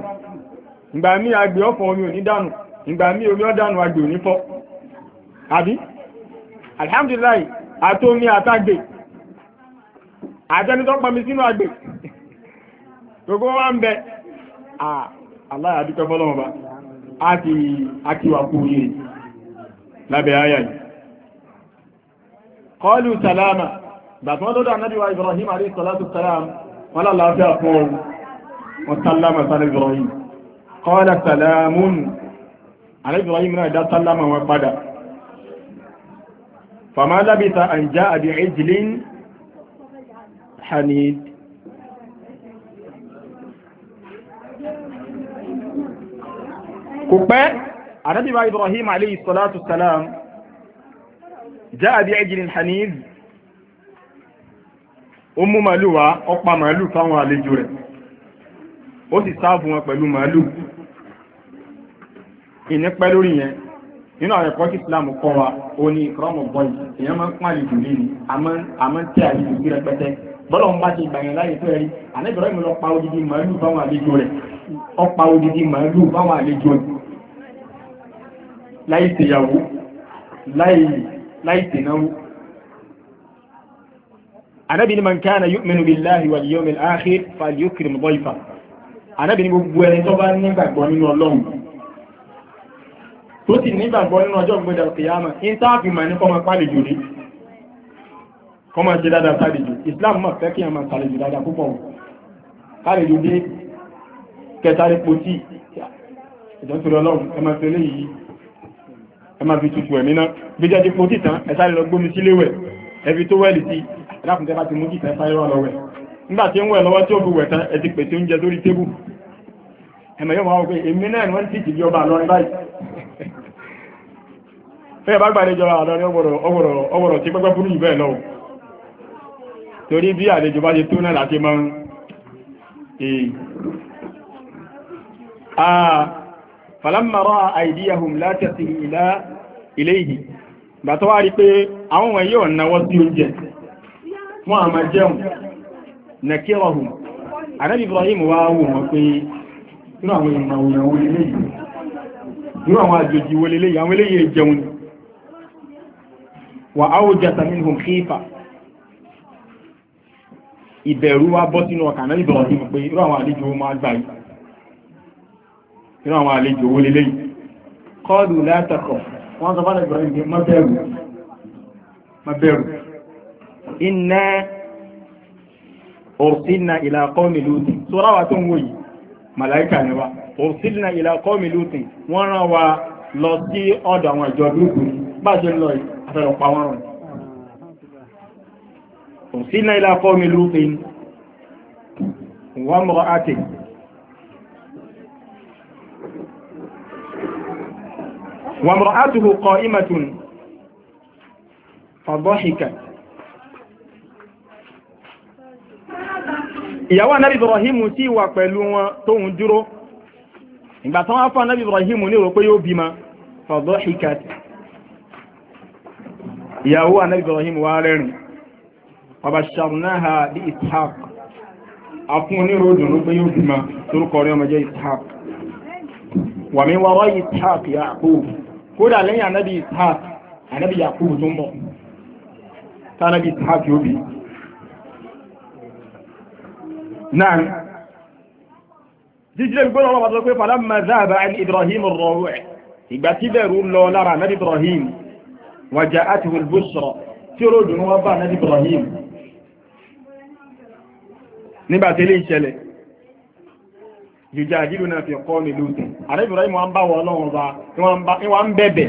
ìgbà mí agbè ọ̀fọ̀ omi ò ní dànù ìgbà mí omi ọ̀dànù agbè ò ní fọ́ àbí alhamdulilayi àtomi àtàgbè àtẹni tó pàmì sínú àgbè gbogbo wa ń bẹ aláyàdúkẹ́ fọ́lọ́mọba àti àkíwà kú yìí lábẹ́ ayà yìí قالوا سلاما بعد ما دعا النبي وابراهيم عليه الصلاه والسلام قال الله في اقوال وسلم على ابراهيم قال سلام على ابراهيم اذا سلم وبدا فما لبث ان جاء بعجل حنيد كوبا النبي ابراهيم عليه الصلاه والسلام جاء بعجل حنيذ ọmú màálù wá ọpa màálù fáwọn àlejò rẹ̀ ó sì sáàbù wọn pẹ̀lú màálù ìnípẹ́ lórí yẹn nínú àwọn ẹ̀kọ́ Islam kọ́ wa ó ní ìkọ́mọ̀ bọ́yì èèyàn máa ń pọ́n àlejò lé ní àmọ́ tí àlejò sí rẹpẹtẹ bọ́lá ń bá ṣe gbàyàn láyé tó ẹrí àlẹ́bẹ̀rẹ̀ mi lọ pa odidi màálù fáwọn àlejò rẹ̀ láì sì náwó anábì ni man kana yu'minu billahi wal yawmil akhir falyukrim dayfa anábì ni gbogbo ẹni tó bá nígbàgbọ́ nínú ọlọ́run tó sì nígbàgbọ́ nínú ọjọ́ gbọ́dọ̀ kìyàmà in táàfì mà ní kọ́mọ pálí jù rí kọ́mọ ṣe dáadáa pálí jù Islam mọ̀ fẹ́ kí ẹ máa pálí dáadáa púpọ̀ pálí dé kẹtàrí pọ̀ sí ìjọ́sọ̀rọ̀ ọlọ́run ẹ ẹ máa fi tutù ẹ̀mí náà bí jẹ́ dípò títàn ẹ sáré lọ gbómi sílé wẹ̀ ẹbí tó wẹ̀lì sí ẹ̀dàkùnjẹ́ bá ti mú títàn sáré rọ̀ lọ wẹ̀ nígbà tí ń wẹ̀ lọ́wọ́ tí ó fi wẹ̀ tán ẹ ti pèsè oúnjẹ lórí tébù ẹ̀mọ̀ yóò máa wọ́n pé èmi náà ni wọ́n ti ti jọba lọ báyìí fẹ́ bá gbàlejò àlọ́rin ọgbọ̀rọ̀ tí pẹ́pẹ́ burú jù bẹ́ẹ̀ lọ torí bí àlejò bá ṣe tó náà láti máa ń eh, ah, falamma ra'a aydiyahum la tasilu ila ilayhi ìgbà tó wá rí pé àwọn wọ̀nyí ò náwọ́ sí oúnjẹ wọn àmà jẹun nakirahum ànábì Ibrahim wá wò wọn pé irú àwọn ìmọ̀ òyìnbó eléyìí irú àwọn àjòjì wọlé eléyìí àwọn eléyìí jẹun ni wà áwòjẹta minhum khifa ìbẹ̀rù wa bọ́ sínú ọkàn náà ìbẹ̀rù ọdún pé irú àwọn àlejò máa gbà yìí nínú àwọn àlejò owó lélẹ́ kọlù látàkọ̀ wọ́n sọ fánà ìbọ̀rẹ̀ ìgbé mọ́bẹ̀rù mọ́bẹ̀rù iná òsìnà ìlàkọ́ mìlútin tó ráwà tó ń wòyí màláìkà ni wa òsìnà ìlàkọ́ mìlútin wọ́n rán wa lọ sí ọ̀dọ̀ àwọn ìjọ lókùn bá ṣe lọ وامرأته قائمة فضحكت ìyàwó anábì ibrahim tí wà pẹ̀lú wọn tóhun dúró ìgbà tán wá fún anábì ibrahim ní rò pé yóò bímọ fadhahikat ìyàwó anábì ibrahim wá rẹ́rìn wabasharnaha bi ishaq afún oníròdùn ló pé yóò bímọ lórúkọ rẹ̀ ọmọ kódà lẹ́yìn anábì ishaq anábì yakubu tó ń bọ̀ tánábì ishaq yóò bí náà jíjẹ́ gbọ́nà ọlọ́pàá tó pé fàlá mazaba an ibrahim rọrù ẹ̀ ìgbà tí bẹ̀rù lọ lára anábì ibrahim wàjá àti wùlbùsọ̀ tí ó wọn bá anábì ibrahim nígbà tí ilé ìṣẹ̀lẹ̀ jùjáàjìlú náà fi kọ́ ní lóòtù ààrẹ Ibrahim wọn bá wọn ọba bá wọn bẹ̀bẹ̀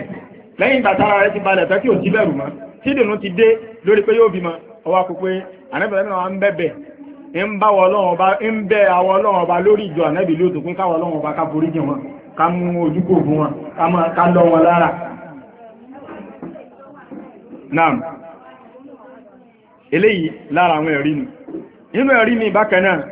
lẹ́yìn ìgbà tára rẹ̀ ti balẹ̀ tán kí ò ti bẹ̀rù mọ́ tí ìdùnnú ti dé lórí pé yóò bímọ ọwọ́ kò pé ààrẹ Ibrahim wọn bẹ̀bẹ̀ ń bá lórí ìjọ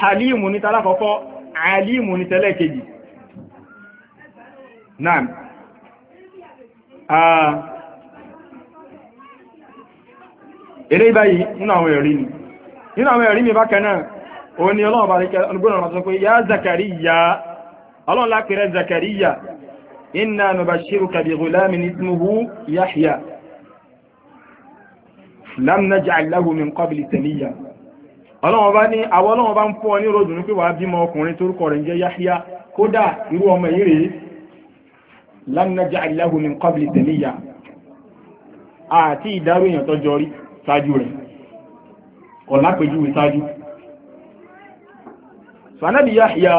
halimu ní tàlákọ́kọ́ alimu ní tẹ́lẹ̀kejì náà eré báyìí nínú àwọn ẹ̀rí ni nínú àwọn ẹ̀rí mi bákan náà o ni ọlọ́run bá ríkẹ́ ọlọ́gbọ́n ọ̀rọ̀ sọ pé ya zakariya ọlọ́run lápẹẹrẹ zakariya inna nubashiruka bi ghulamin min qabli samiyya ọlọ́wọ́n bá ní àwọn ọlọ́wọ́n bá ń fún ọ ní ròdùn ní pé wàá bímọ ọkùnrin torúkọ rẹ̀ ń jẹ́ Yahya kódà irú ọmọ yìí rèé lam naj'al lahu min qabli samiyya àti ìdárò èèyàn tọ́jọ́ rí ṣáájú rẹ̀ ọ̀lápẹ̀júwe ṣáájú sanabi Yahya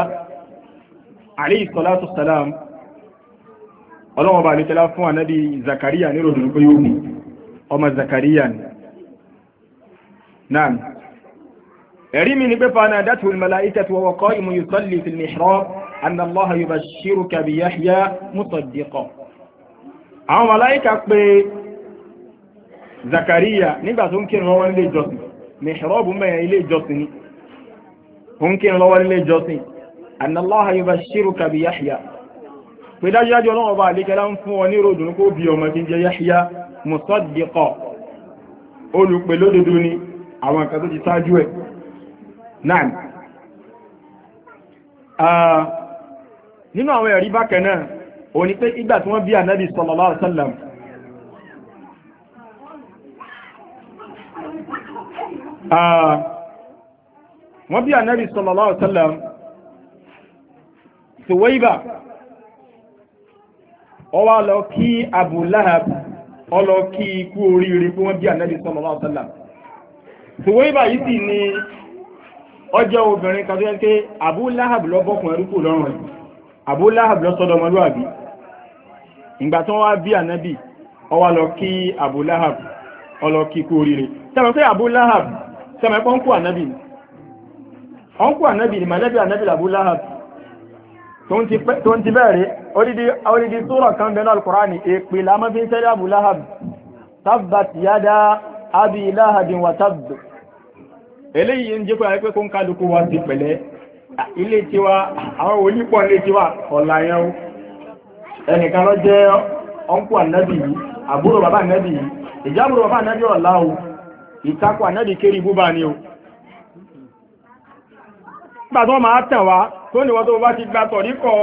ẹ̀rí mi ni pé fanadatu al-malaikatu wa huwa qa'imun yusalli fil mihrab anna Allaha yubashshiruka bi Yahya musaddiqan. àwọn màláìka pé Zakariya nígbà tó ń kírun lọ́wọ́ nílé ìjọsìn mihrab mẹ́yàn ilé ìjọsìn ni ó ń kírun lọ́wọ́ nílé ìjọsìn anna Allaha yubashshiruka bi Yahya pé dájúdájú ọlọ́wọ́ bá àlékẹ́lá ń fún ọ ní ròdùn kó bí ọmọ tí ń jẹ Yahya musaddiqan olùpèlódodo ni àwọn nǹkan tó ti ṣáájú ẹ̀ náà ah, nínú àwọn ẹ̀rí bákan náà ó ní pé ìgbà tí wọ́n bí ànábì sallallahu alaihi wasallam ah, wọ́n bí ànábì sallallahu alaihi wasallam Suwaiba ó wá lọ kí Abu Lahab ó lọ kí ikú oríire pé wọ́n bí ànábì sallallahu alaihi ọjọ́ obìnrin kan tó yẹ pé Abu Lahab lọ bọ́kùn ẹrú kù lọ́rùn ẹ̀ Abu Lahab lọ sọ́dọ̀ ọmọlúwàbí ìgbà tó wá bí ànábì ó wá lọ kí Abu Lahab ó lọ kí kú oríire sẹ́mọ̀ pé Abu Lahab sẹ́mọ̀ pọ́n kú ànábì ọ̀n kú ànábì ni mọ̀lẹ́bí ànábì Abu Lahab tó ń abi lahabin wa tabb eléyìí ń jẹ́ pé àyẹ́pẹ́ kó ń kálukú wa ti pẹ̀lẹ́ ilé tiwa àwọn onípọ̀ ilé tiwa ọ̀la yẹn o ẹnìkan lọ jẹ́ ọ̀nkú ànábì yìí àbúrò bàbá ànábì yìí ìjábùrò bàbá ànábì ọ̀la o ìtakò ànábì kéré búba ni o nígbà tó máa tàn wá tó ní wọ́n tó bá ti gba tọ̀ríkọ̀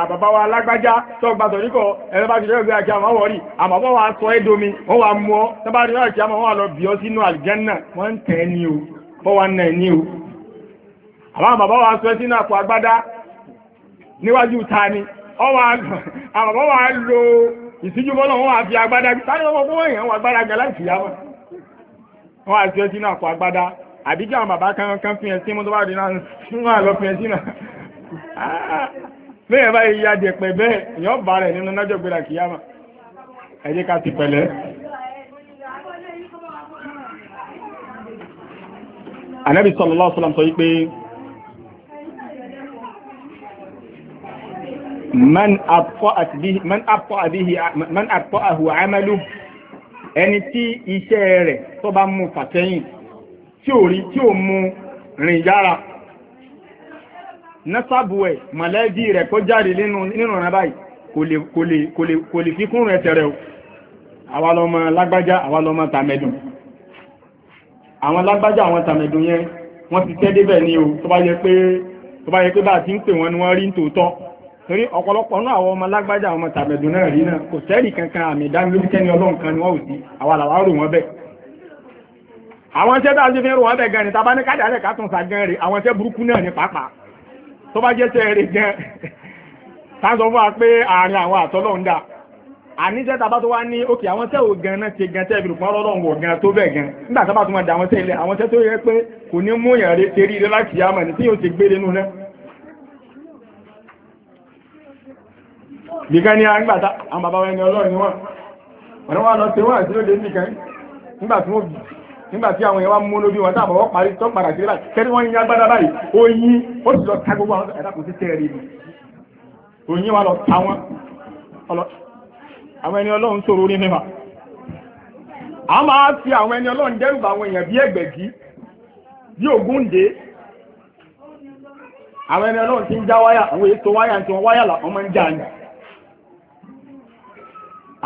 àbàbá wa lágbájá tó gba tọ̀ríkọ̀ ẹ̀rọ bá ti rẹ̀ gbé àjá àwọn wọ̀rí àmọ́ wọ́n wá sọ ẹ́ domi wọ́n wá mú ọ tó bá rí ọ̀já wọn wá lọ bí ọ sínú àlìjẹ́nà wọ́n ń tẹ̀ ẹ́ o 419 ní o àwọn bàbá wa sọ sínú àpò agbádá níwájú ta ni àwọn bàbá wa lo ìtìjú bọ́lọ̀ wọn wà fi agbádá sáré wọn fún èèyàn wà agbára gan láti yá wọn wọn wà sọ sínú àpò agbádá àbí kí àwọn bàbá kan kan fi ẹsìn mọ́tò bá rí náà fún wa lọ fi ẹsìn náà ah, bẹ́ẹ̀ báyìí dẹ̀pẹ̀ bẹ́ẹ̀ ìyọ́ gbéra Ànábì sallallahu alaihi wasallam sọ wípé man àpọ́àhù àmàlù ẹni tí iṣẹ́ rẹ̀ tó bá mú fàtẹ́yìn tí ò rí tí ò mú rìn yára násábù ẹ̀ mọ̀lẹ́bí rẹ̀ kó jáde nínú ọ̀nà báyìí kò lè fi kún rẹ̀ tẹ̀rẹ̀ o àwa lọ́mọ lágbájá àwa lọ́mọ tàmẹ́dùn àwọn lágbájá àwọn tàmẹ̀dù yẹn wọ́n ti tẹ́ débẹ̀ ni o tó bá yẹ pé tó bá yẹ pé bá ti ń pè wọ́n ni wọ́n rí ń tòótọ́ torí ọ̀pọ̀lọpọ̀ náà àwọn ọmọ lágbájá àwọn tàmẹ̀dù náà rí náà kò sẹ́rì kankan àmì ìdánilójú ọlọ́run kan ni wọ́n ò sí àwa làwa rò wọ́n bẹ́ẹ̀ àwọn iṣẹ́ bá ti fi rò wọ́n bẹ́ẹ̀ gan ni tàbá ní kájà rẹ̀ ká tún sa gan rè àwọn iṣẹ́ burúkú náà ni pàápàá tó bá jẹ́ sẹ́ẹ̀rẹ̀ gan tá a sọ fún wa pé àárín àwọn àtọ́lọ́run dáa àníṣẹ́ tàbá tó wá ní òkè àwọn tẹ́ ò gan náà ṣe gan tẹ́bìrì pọ́n rọ́rọ̀ wọ̀ gan tó bẹ̀ gan nígbà tó bá tún máa dà àwọn tẹ́ ilẹ̀ àwọn tẹ́ tó yẹ pé kò ní mú yàn rí ṣe rí ilé láti yá mọ̀ ní tí yóò ti gbére nù náà. nìkan ni àgbà tá àwọn bàbá ẹni ọlọ́run ni wọ́n ọ̀nà wa lọ sí wọ́n àti lóde nìkan nígbà tí àwọn èèyàn wá mú lójú wọn táàbọ̀ wọ́n parí tó padà sí láti kẹ́rí wọ́n yín agbádá báyìí oyin ó sì lọ ta gbogbo àwọn ẹ̀dá kò sí tẹ́ẹ̀rì oyin wa lọ ta wọn àwọn ẹni ọlọ́run sọ̀rọ̀ orí mímọ̀ a máa fi àwọn ẹni ọlọ́run dẹ́rùbà àwọn èèyàn bí ẹgbẹ̀gí bí ògúndé àwọn ẹni ọlọ́run ti ń já wáyà àwọn èso wáyà tí wọ́n wáyà làwọn máa ń já ni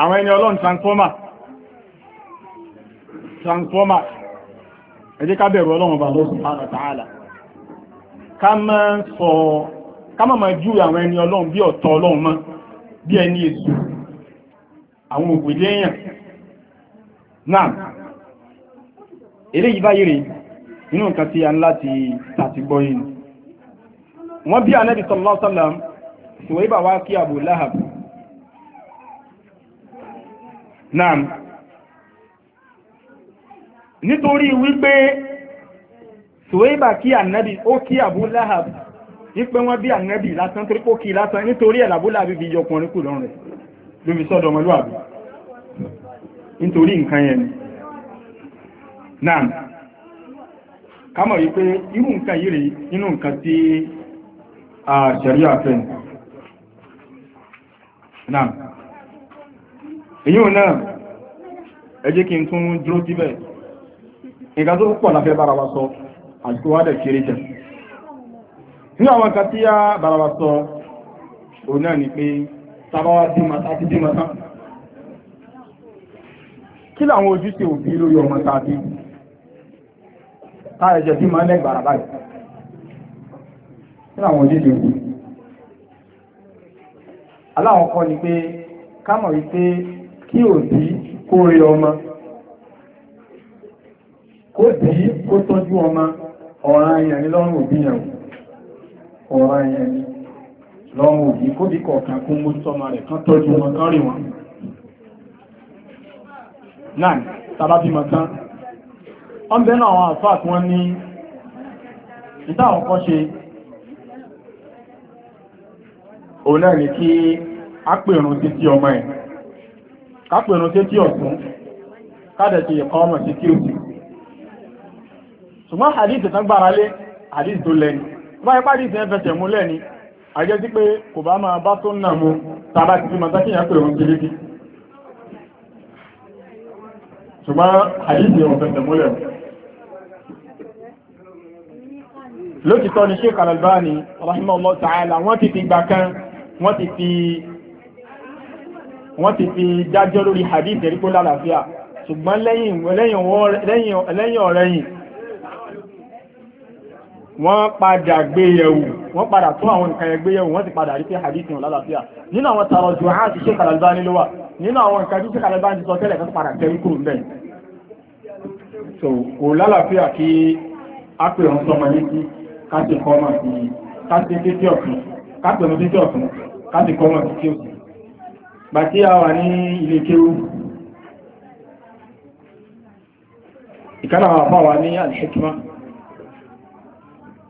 àwọn ẹni ọlọ́run transformer transformer ẹ jẹ́ ká bẹ̀rù ọlọ́run bá lọ́sùn fún àwọn tààlà ká máa sọ ká máa máa júwe àwọn ẹni ọlọ́run bí ọ̀tọ̀ ọlọ́run mọ́ bí ẹni èso àwọn òpèlé èèyàn náà eléyìí báyìí rèé nínú nǹkan tí a ń láti tàti gbọ́ yìí wọ́n bí Ànábì sallallahu alaihi wasallam Suwaiba wá kí Abu Lahab náà nítorí wípé Suwaiba kí Ànábì ó kí Abu Lahab wípé wọ́n bí Ànábì lásán torípò kí lásán nítorí ẹ̀ l'Abu Lahab fi yọkùnrin kù lọ́rùn rẹ̀ ló fi sọ́dọ̀ ọmọlúwàbí nítorí nǹkan yẹn náà kámọ̀ yí pé irú nǹkan yìí rí nínú nǹkan tí a ṣẹ̀rí àfẹ́ náà èyí ò náà ẹ jẹ́ kí n tún dúró síbẹ̀ nǹkan tó pọ̀ láfẹ́ bára wa sọ àti wádẹ̀ kéré jẹ́ ní àwọn kan tí òun náà ni pé tàbá wá bímọ tàbí bímọ tán kí làwọn ojúṣe òbí lórí ọmọ tàbí tá ẹ̀jẹ̀ bímọ lẹ́gbàrà báyìí kí làwọn ojúṣe òbí aláwọn kọ́ ni pé kámọ̀ wípé kí òbí kó rí ọmọ kó bí kó tọ́jú ọmọ ọ̀ràn èèyàn ní lọ́rùn òbí yẹn ọ̀ràn èèyàn lọ́mọ òbí kó bí kọ̀ọ̀kan kún mú sọ́mọ rẹ̀ kán tọ́jú wọn kán rí wọn náà tàbá bímọ tán wọ́n bẹ́ẹ̀ náà àwọn àfáà tí wọ́n ní ìtàwọn kan ṣe òun náà ní kí á pèrún títí ọmọ ẹ̀ ká pèrún títí ọ̀tún kádẹ̀ ti ẹ̀kọ́ ọmọ títí òsì ṣùgbọ́n hadith tán gbára lé hadith tó lẹ́ni wọ́n ipá hadith ẹ̀ fẹsẹ̀ múlẹ̀ ni ajẹ́ sí pé kò bá máa bá tó nà mú tàbá ti fi mọ̀tá kíyàn pè òun kìrìkì ṣùgbọ́n àyíkì òun fẹ̀sẹ̀ múlẹ̀ lókìtọ́ ni Sheikh Al-Albani rahimahullah ta'ala wọ́n ti fi gbà kan wọ́n ti fi wọ́n ti fi dájọ́ lórí hadith ẹ̀rí kó lálàáfíà ṣùgbọ́n lẹ́yìn ọ̀rẹ́yìn wọ́n padà gbéyẹ̀wò wọ́n padà tún àwọn nǹkan ẹgbéyẹ̀wò wọ́n ti padà rí pé hadith yàn lálàáfíà nínú àwọn tààrọ̀ jù á ti Sheikh Al-Albani ló wà nínú àwọn nǹkan tí Sheikh Al-Albani ti sọ tẹ́lẹ̀ kan padà tẹ́rí kúrò bẹ́ẹ̀ so kò lálàáfíà kí á pè wọn sọmọ ní sí káṣe kọ́mọ̀ sí káṣe kékeré ọ̀tún káṣe ọ̀tún kékeré ọ̀tún káṣe kọ́mọ̀ sí kékeré ọ̀tún bàtí a wà ní ilé kéwú ìkánà àwọn àfáwà ní al-Hikma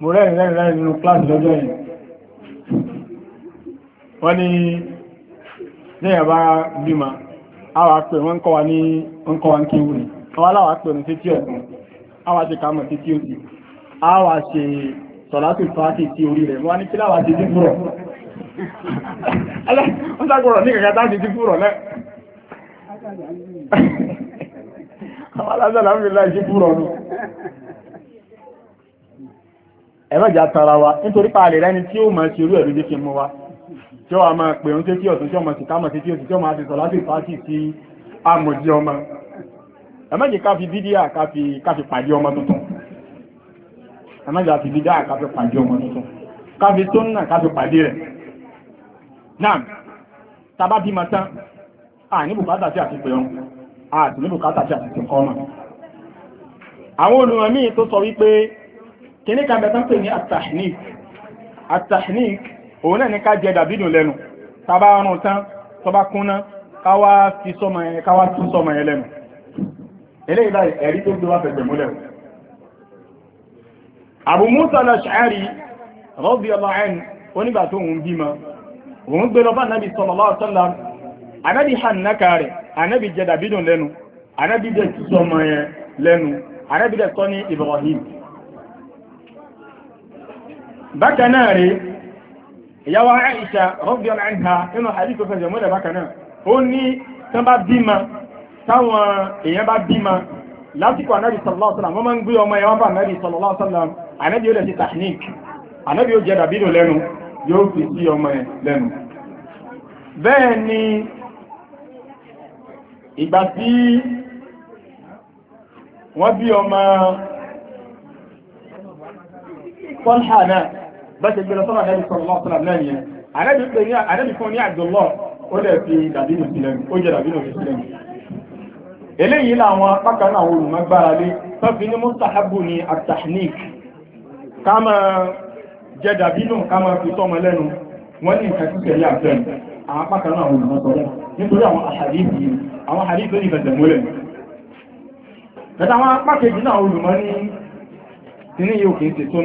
mo rẹ́rìn rẹ́rìn rẹ́rìn nínú kíláàsì lọ́jọ́ yìí wọ́n ní lẹ́yìn bá bímọ àwa pè wọ́n kọ́ wa ní wọ́n kọ́ wa ní kíwù ni àwọn aláwa pè ní títí ọ̀gbọ̀n àwa ṣe kàmọ̀ títí òsì àwa ṣe sọ̀látù fàákì sí orí rẹ̀ wọ́n ní kí láwa ṣe dífúrọ̀ wọ́n ṣàgbọ̀rọ̀ ní kàkàtà ṣe dífúrọ̀ lẹ́ àwọn aláṣà láàmì láì ṣe fúrọ̀ ẹ̀rọ̀jà tara wa nítorí pààlè rẹni tí ó máa ṣe orú ẹ̀rú jẹ́ mú wa tí ó máa pè ń tí ọ̀tún ọmọ sí kámọ̀ tí ó máa sí ọmọ ká fi bídíà ká fi pàdé ọmọ tuntun ká fi fi fi rẹ̀ náà tàbá tán sí àti ọmọ àwọn olùrànmí tó kíní kan bẹ̀ tán pè ní atahnik atahnik òun náà ní ká jẹ dàbídùn lẹ́nu tàbá rùn tán tọba kúnná káwá fi sọmọ yẹn káwá tún sọmọ yẹn lẹ́nu eléyìí báyìí ẹ̀rí tó gbé wá fẹ̀gbẹ̀ sallallahu alaihi wasallam anábì hànnáka rẹ̀ anábì jẹ dàbídùn lẹ́nu anábì dẹ̀ sọ Ibrahim bákan náà rí ìyàwó Aisha rọ́bíọ́lá ẹ̀ha nínú àdìsí òfin ìjọmọ́lẹ̀ bákan náà ó ní tán bá bímọ táwọn èèyàn bá bímọ lásìkò anábì sallallahu alaihi wasallam wọ́n máa ń gbé ọmọ ẹ̀wọ́n bá anábì sallallahu alaihi wasallam bá ṣe gbẹlẹ sọ́nà sọ̀rọ̀ lọ́wọ́ sọ́nà lẹ́nu fún ní Abdullah ó lè fi dàbínú sílẹ̀ ó jẹ dàbínú sílẹ̀ eléyìí ní mustahabu ní kìí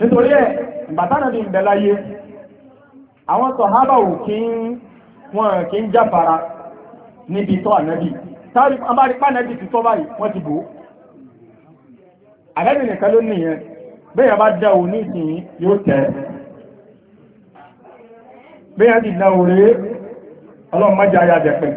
nítorí ẹ̀ ìbátánà ní ìbẹ̀láyé àwọn sọ̀hábà kí wọ́n kí ń jáfara níbi tọ́ ànábì sáré abárí pánẹ́bì ti tọ́ báyìí wọ́n ti bò ó ànábì nìkan ló nìyẹn bẹ́ẹ̀ bá dá o ní ìsìn yóò tẹ̀ bẹ́ẹ̀ ti dá o rèé ọlọ́run má jẹ́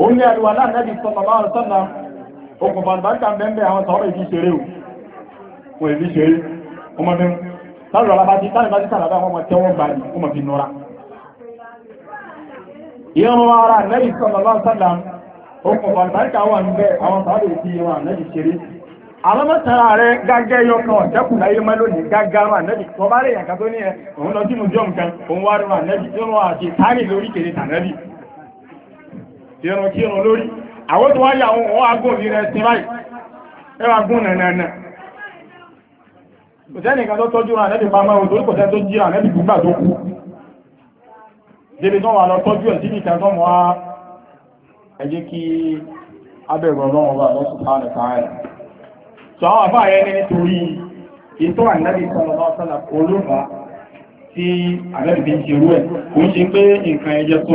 òun ní àríwá náà nẹ́bí sọ́nà sọ́nà okùn bàbáńkà mẹ́mẹ́ àwọn sọ́rọ̀ ìbí o wọ́n ìbí ṣeré ọmọ mi láàrín ọ̀la bá ti táyì bá ti sàrà báwọn ọmọ tẹ́wọ́n gbà ní ọmọ fi nura ìrún ara nẹ́bí sọ́nà sọ́nà okùn bàbáńkà wà níbẹ̀ àwọn sọ́rọ̀ ìbí ìrún ànẹ́bí ṣeré alamọ́tara rẹ̀ gágẹ́ yọkan ọ̀tẹ́kùn láyé mọ́ lónìí gágára ànẹ́bì tó bá rẹ̀ yàkà tó ní ẹ̀ òun lọ sínú jọ́ nǹkan òun wá rẹ̀ ànẹ́bì tó rọ̀ àti tárì lórí kèrè tànẹ́bì ìrùn kí ìrùn lórí àwọn tó wáyà àwọn ọwọ́ agún òbí rẹ̀ sí báyìí ẹwà gún nànàna kò sẹ́ni kan tó tọ́jú rà nẹ́bí máa máa òtòrí kò tó jí rà nẹ́bí tó kú débi tó wà lọ tọ́jú ẹ̀ sí olóòfà tí ànábì fi ń ṣerú ẹ̀ kò ń ṣe pé nǹkan ẹ̀jẹ̀ tó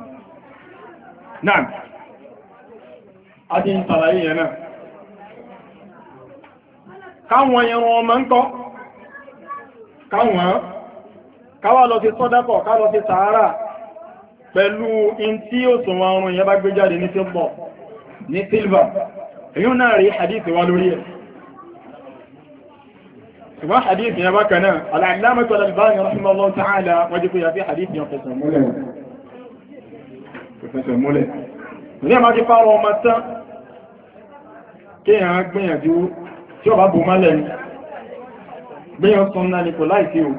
náà adé ń tàlàyé yẹn náà káwọn yẹn wọn ọmọ ń kọ́ káwọn káwà lọ sí sọ́dápọ̀ ká lọ sí sàárà pẹ̀lú in tí ó sùn wọn ọrùn yẹn bá gbé jáde ní sílbọ̀ ní sílbà èyí náà rí hadith wá lórí ẹ̀ ṣùgbọ́n hadith yẹn bákan náà al fẹsẹ̀ múlẹ̀ ní àmá ti fáwọn ọmọ tán kéèyàn gbìyànjú tí ọba bò mọ́lẹ̀ ni gbìyàn sọ náà ni kò láìsí o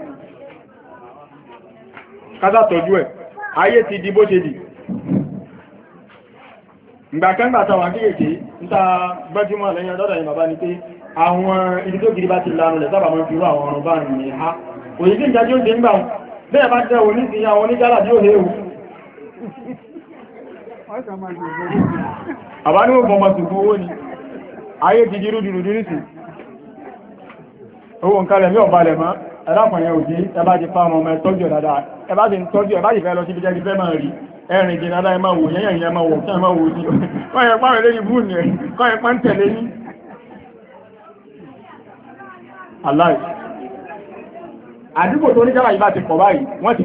kátà tọ́jú ẹ̀ ayé ti di bó ṣe dì ìgbàkẹ́gbà tàwà kéèkéé ń ta gbẹ́júmọ̀ lẹ́yìn ọdọ́dọ̀ yìí bàbá ni pé àwọn ibi tó gidi bá ti lanu lẹ̀ sábà máa ń fi rú àwọn ọ̀rọ̀ bá rìn ní ha òyìn tí ìjájú ń ṣe ń gbà ó léwu àbá ní òfò ọmọ sùgbọ́n owó ni ayé ti dírú dìrú dìrú sí owó nǹkan lẹ̀mí ọ̀bá lẹ̀mọ́ ẹlápọ̀nyẹ òjí ẹbá ti fáwọn ọmọ ẹtọ́jú ẹ̀dáadáa ẹbá ti ń tọ́jú ẹbá ti fẹ́ lọ sí ibi jẹ́ ti fẹ́ máa rí ẹ̀rìn ìdè dáadáa ẹmọ wò yẹ́yẹ̀ ìyẹn máa wò kí ẹmọ wò sí wọ́n yẹ pàrọ̀ lẹ́yìn bú ni kọ́ yẹ pán tẹ̀lé ní aláì àdúgbò tó ní jábàá yìí bá ti pọ̀ báyìí wọ́n ti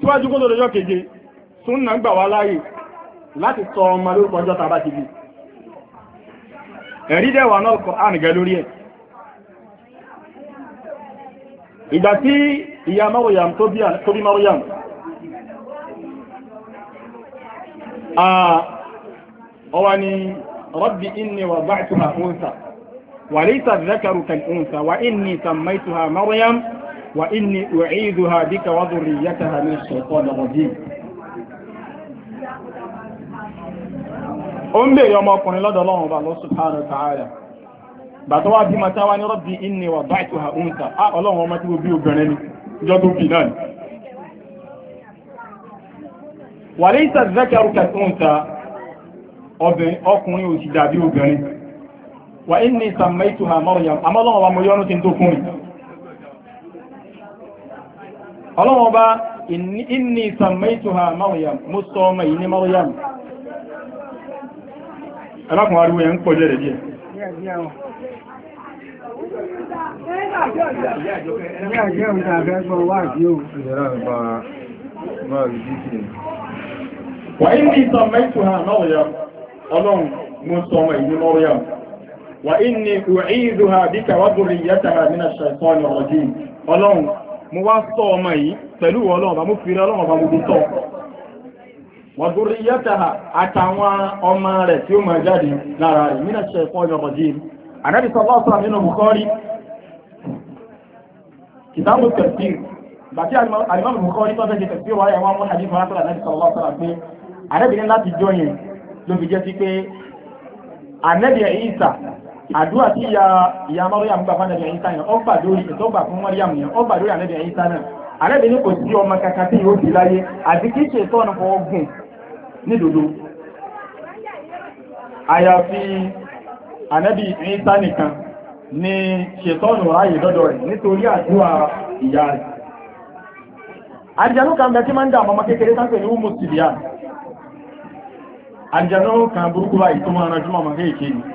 síwájú kó lọ́jọ́ keje súnnà gbà wá láyè láti sọ ọmọ lórúkọ ọjọ́ tàbá ti bí ẹ̀rí dẹ̀wà náà kọ ànìgẹ́ lórí ẹ̀ ìgbà tí ìyá Maryam tó bí Maryam ọwà ni rabbi inni wà bá ìtùhà ounsa wà lè ìtàdìdákàrù kan ounsa wà inni sàmàìtùhà وإني bèèrè ọmọkùnrin lọ́dọ̀ Ọlọ́run wa ta'ala wá bí ma táwá ní rabbi inni wada'tuha untha á Ọlọ́run ọmọ tí ó bí obìnrin ní ìjọ tó bì náà wa laysa dhakaru kal-untha ọkùnrin ò dàbí obìnrin wa inni sammaytuha ha àmọ́ Ọlọ́run wa mo yọ́nú ti tó ọlọ́wọ́n bá inni sàmẹ́tùhà maryam mo sọ ọmọ yìí ní maryam alákùnrin ariwo yẹn ń pọ̀ jẹ́ rẹ̀ díẹ̀ wà inni sàmẹ́tùhà maryam ọlọ́run mo sọ ọmọ yìí ní maryam wà inni u'idhuha bika wa dhurriyyataha min ash-shaytani ar-rajim ọlọ́run mo wá sọ ọmọ yìí pẹ̀lú ọlọ́ọ̀bá mo fi ọlọ́ọ̀bá mo fi sọ wọ́n tó rí yẹ́tàhà àtàwọn ọmọ rẹ̀ tí ó máa jáde lára rẹ̀ mí náà ṣe ẹ̀kọ́ ọjọ́ jíìmù ànábì sallallahu alaihi wasallam nínú Bukhari kìtàbù tẹ̀sí bàtí alimami Bukhari tó fẹ́ tẹ̀sí wáyé àwọn ọmọ hadith wọn látọ̀lá ànábì sallallahu alaihi wasallam pé ànábì ní láti jọ yẹn ló fi jẹ́ sí pé ànábì àdúrà tí ìyá ìyá mọ́ríyàmù gbà fún ẹ̀dẹ̀bẹ̀ ìsá yẹn ó gbà lórí ìtọ́gbà fún mọ́ríyàmù yẹn ó gbà lórí ẹ̀dẹ̀bẹ̀ ìsá náà àrẹ́bẹ̀ ní kò sí ọmọ kankan tí yóò fi láyé àti kí ṣe tọ́nù fọwọ́ gùn nídòdó àyàfi na ìsá nìkan ni ṣètọ́nù ráyè dọ́dọ̀ rẹ̀ nítorí àdúrà ìyá rẹ̀ àjẹnú kan bẹ tí máa ń dà ọmọ kékeré ní kan burúkú báyìí tó máa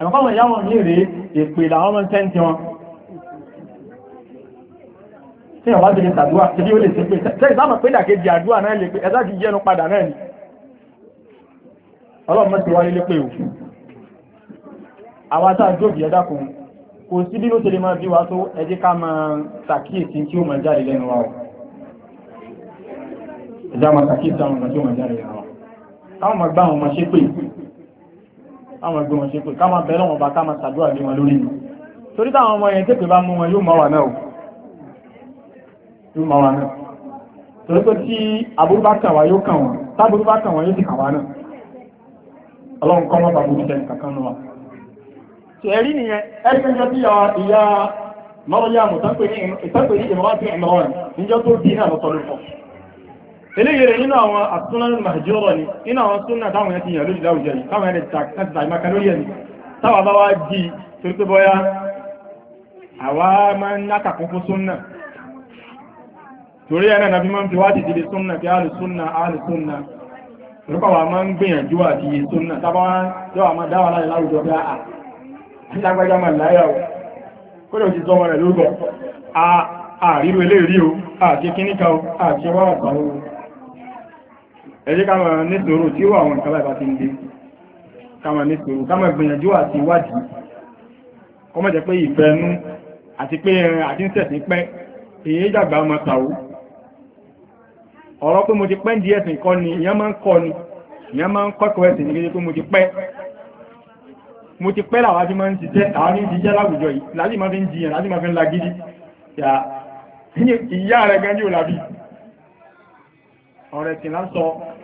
àmọ́kọ́mọ̀ ìyá wọn ní èrè èpè làwọn mọ́ tẹ́ntì wọn tí wọ́n bá ti lè tàdúwà tí ó lè ṣe pé tẹ́ ìsámọ̀ pé dàkejì àdúwà náà o àwọn tá jóòbí ẹ̀dá kan kò sí bí ló ṣe lè máa bí wa tó ẹ jẹ́ ká máa ṣàkíyèsí tí ó máa jáde lẹ́nu wa ẹ̀dá máa ṣàkíyèsí àwọn ọmọ tí ó máa jáde lẹ́nu wa táwọn máa gbá àwọn ṣépè àwọn ẹgbẹ́ wọn ṣe pé ká máa bẹ̀rẹ̀ wọn bá ká máa ṣàdúrà lé wọn lórí torí táwọn ọmọ yẹn tètè bá mú wọn yóò máa wà náà yóò máa wà náà torí pé tí aburú bá kàn wá yóò kàn wọn táburú bá kàn wọn yóò sì kàn wá náà eléyìí rẹ̀ nínú àwọn àtúnrán màjọ́rọ̀ ni nínú àwọn súnà táwọn ẹ̀tì yàn lórí láwùjọ yìí táwọn ẹ̀rẹ̀ tàìmaka lórí ẹ̀mí táwà bá wá jí torí pé bọ́yá àwa máa ń látàkún fún súnà torí ẹ̀nà nàbí máa ń fi wá ti dìde súnà kí áàlù súnà áàlù súnà torípa wà máa ń gbìyànjú àti iye súnà tábà wá yọ àmà dáwà láì láwùjọ bí a lágbájá máa láyà o kódà ó ti ẹjẹ́ ká máa ní sùúrù tí ó àwọn ìkàlá ìbá ti ń dé ká máa ní sùúrù ká máa gbìyànjú àti ìwádìí kọ́ mọ̀ jẹ́ pé ìfẹ́nu àti pé ẹran àti ń sẹ̀sìn pẹ́ èyí dàgbà ọmọ tàwó ọ̀rọ̀ pé mo ti pẹ́ díẹ̀ sìn kọ́ ni ìyẹn máa ń kọ́ ni ìyẹn máa ń kọ́kọ́ ẹ̀sìn ní kéde pé mo ti pẹ́ mo ti pẹ́ làwọn fi máa ń ṣiṣẹ́ àwọn ní ìdíjẹ́ láwùjọ yìí láti máa fi ń jiyàn láti máa fi ń lagídí ìyá rẹ̀ gan ní òlàbí ọ̀rẹ́ sìn lásọ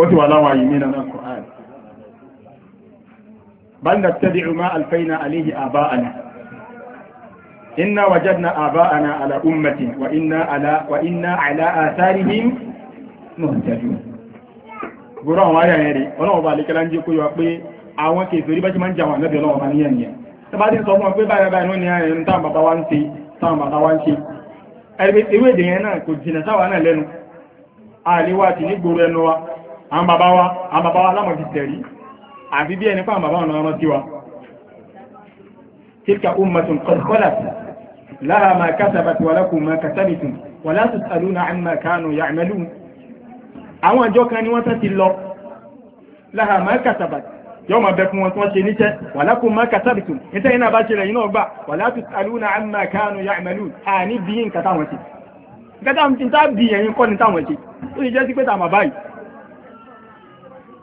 ó ti wà láwọn àyè nínú náà Qur'an bal nattabi'u ma alfayna alayhi aba'ana inna wajadna aba'ana ala ummatin wa inna ala wa inna ala atharihim muhtadun gbọ́rọ̀ àwọn ayà yẹn rí ọlọ́wọ́ bá alékẹ́lá ń jẹ́ kó yọ pé àwọn kèfèrí bá máa ń jàwọn ànábì ọlọ́wọ́ bá ní ẹ̀yẹn tàbátí sọ ní ààrẹ ẹnu wa àwọn bàbá wa àwọn bàbá wa lámọ̀ ti tẹ̀rí àfi bí ẹni fáwọn bàbá wọn lọ́rọ́ sí wa tilka ummatun qad khalat laha ma kasabat wa lakum ma kasabtum wa la tusaluna amma kanu ya'malun àwọn àjọ kan ni wọ́n tẹ́ ti lọ laha ma kasabat yóò máa bẹ fún wọn tí wọ́n ṣe níṣẹ́ wà lákùn máa kàtàbìtùn níṣẹ́ iná bá ṣe rẹ̀ iná gbà wà látù alúna àmà kánú ya ìmẹ̀lú àní bí nǹkan táwọn ṣe nǹkan táwọn ṣe tá bí ẹ̀yìn kọ́ ni táwọn ṣe ó sì jẹ́ sí pé tàmà báyìí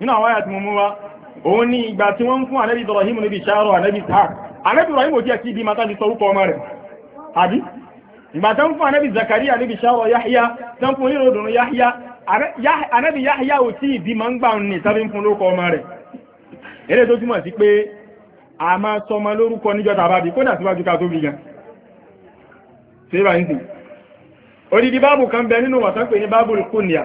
nínú àwọn àyàtí mú wá òun ní ìgbà tí wọ́n ń fún ànábì Ibrahim níbi ṣàárọ̀ ànábì Ishaq ànábì Ibrahim ò jẹ́ kí ibi mata ti sọ orúkọ ọmọ rẹ̀ àbí ìgbà tán fún ànábì Zakaria níbi ṣàárọ̀ Yahya tán fún onírò dùnú Yahya ànábì Yahya ò tí ìbí ma ń gbà ní sábẹ́ fún lórúkọ ọmọ rẹ̀ eré tó túmọ̀ sí pé a máa sọmọ lórúkọ níjọ́ tàbá bí kódà síwájú ká tó bí gan ṣé bá ń sìn odidi báàbù kan bẹ nínú wàtán pé ní báàbù kùnìyà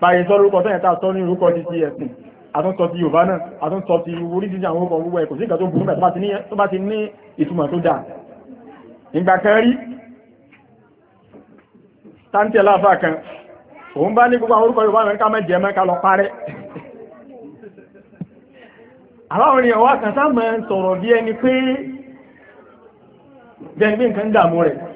báyìí sọ lórúkọ tẹ́yẹ̀ tá sọ ní orúkọ ti ti ẹ̀sìn àtúnsọ ti Yorùbá náà àtúnsọ ti oríṣiríṣi àwọn orúkọ gbogbo ẹ̀ kò sí nǹkan tó burú mẹ́ tó bá ti ní ìtumọ̀ tó dáa ìgbà kan rí táńtì aláàfà kan òun bá ní gbogbo àwọn orúkọ Yorùbá mẹ́rin ká mẹ́ jẹ́ mẹ́ka lọ parẹ́ àwọn ènìyàn wá kan sáà mẹ́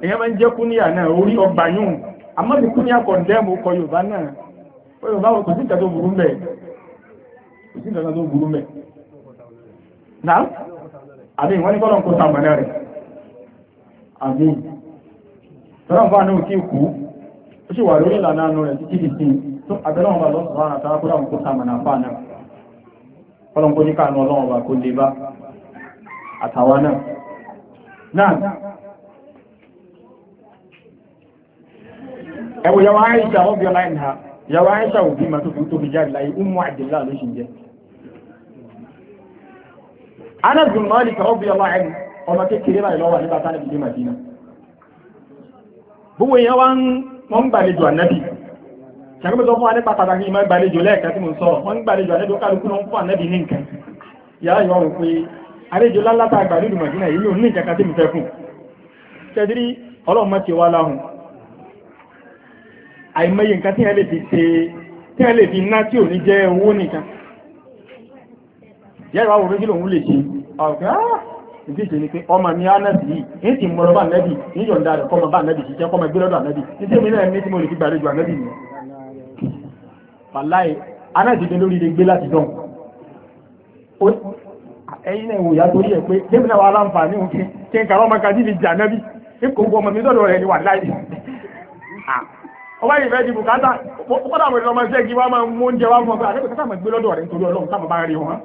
èyàn máa ń jẹ́ kúníyà náà orí ọgbà yún àmọ́ ní kúníyà kọ̀ dẹ́mù kọ yorùbá náà yorùbá kò sí ìkà tó burú mẹ́ kò sí ìkà tó burú mẹ́ náà àbí wọ́n ní kọ́lọ̀ ń kó sàmọ́nà rẹ̀ àbí tọ́lọ̀ bá náà kí kú ó sì wà lórí ìlànà àánú rẹ̀ títí di sí tó bá lọ ẹwọ yàwó àìsà ọbí ọlá ìhà yàwó àìsà òbí ma tó fi tó fi jáde láyé umu àdìlá ló ṣì ń jẹ Anas bin Malik ọbí ọlá ẹni ọmọ kékeré láì lọ́wọ́ nígbà tá níbi dé Madina gbogbo èèyàn wá ń wọ́n ń gbàlejò ànábì ṣàkóso sọ fún wa nípa pàtàkì ìmọ̀ gbàlejò lẹ́ẹ̀kan tí mo sọ̀rọ̀ wọ́n ń gbàlejò ànábì ó lálátà àgbàlejò Madina yìí ní nǹkan kan fún ṣẹ́dírí ọlọ́run mọ́ wá láhùn àìmọye nǹkan tí ẹ lè fi ṣe tí ẹ lè fi ná tí ò ní jẹ́ owó nìkan yẹ́rọ àwọn orí lòun lè ṣe ah! ọ̀gá ìdíje ni pé ọmọ mi ánẹ́sì yìí ní ti mọ̀ bá nẹ́bì ní yọ̀ǹda rẹ̀ kọ́mọ bá nẹ́bì ṣiṣẹ́ kọ́mọ gbé lọ́dọ̀ nẹ́bì ní tèmi náà ní tí mo lè fi gbàlejò nẹ́bì mi. wàláì ánẹ́sì dé lórí ilé gbé láti dán ẹ̀yin náà wòyá torí ẹ̀ pé tèmi náà wà láǹfààní òun kí n kà ọmọ kan níbi jà nẹ́bì ní kò gbọ́ mi lọ́dọ̀ rẹ̀ ni wàláì ọ ìfẹ́ di bùkátà kọ́dà ka ìrọmọ iṣẹ́ kí wọ́n máa mú oúnjẹ wá fún ọgbà àti bùkátà máa gbé lọ́dọ̀ rẹ̀ nítorí ọlọ́run tábà bá rí wọn.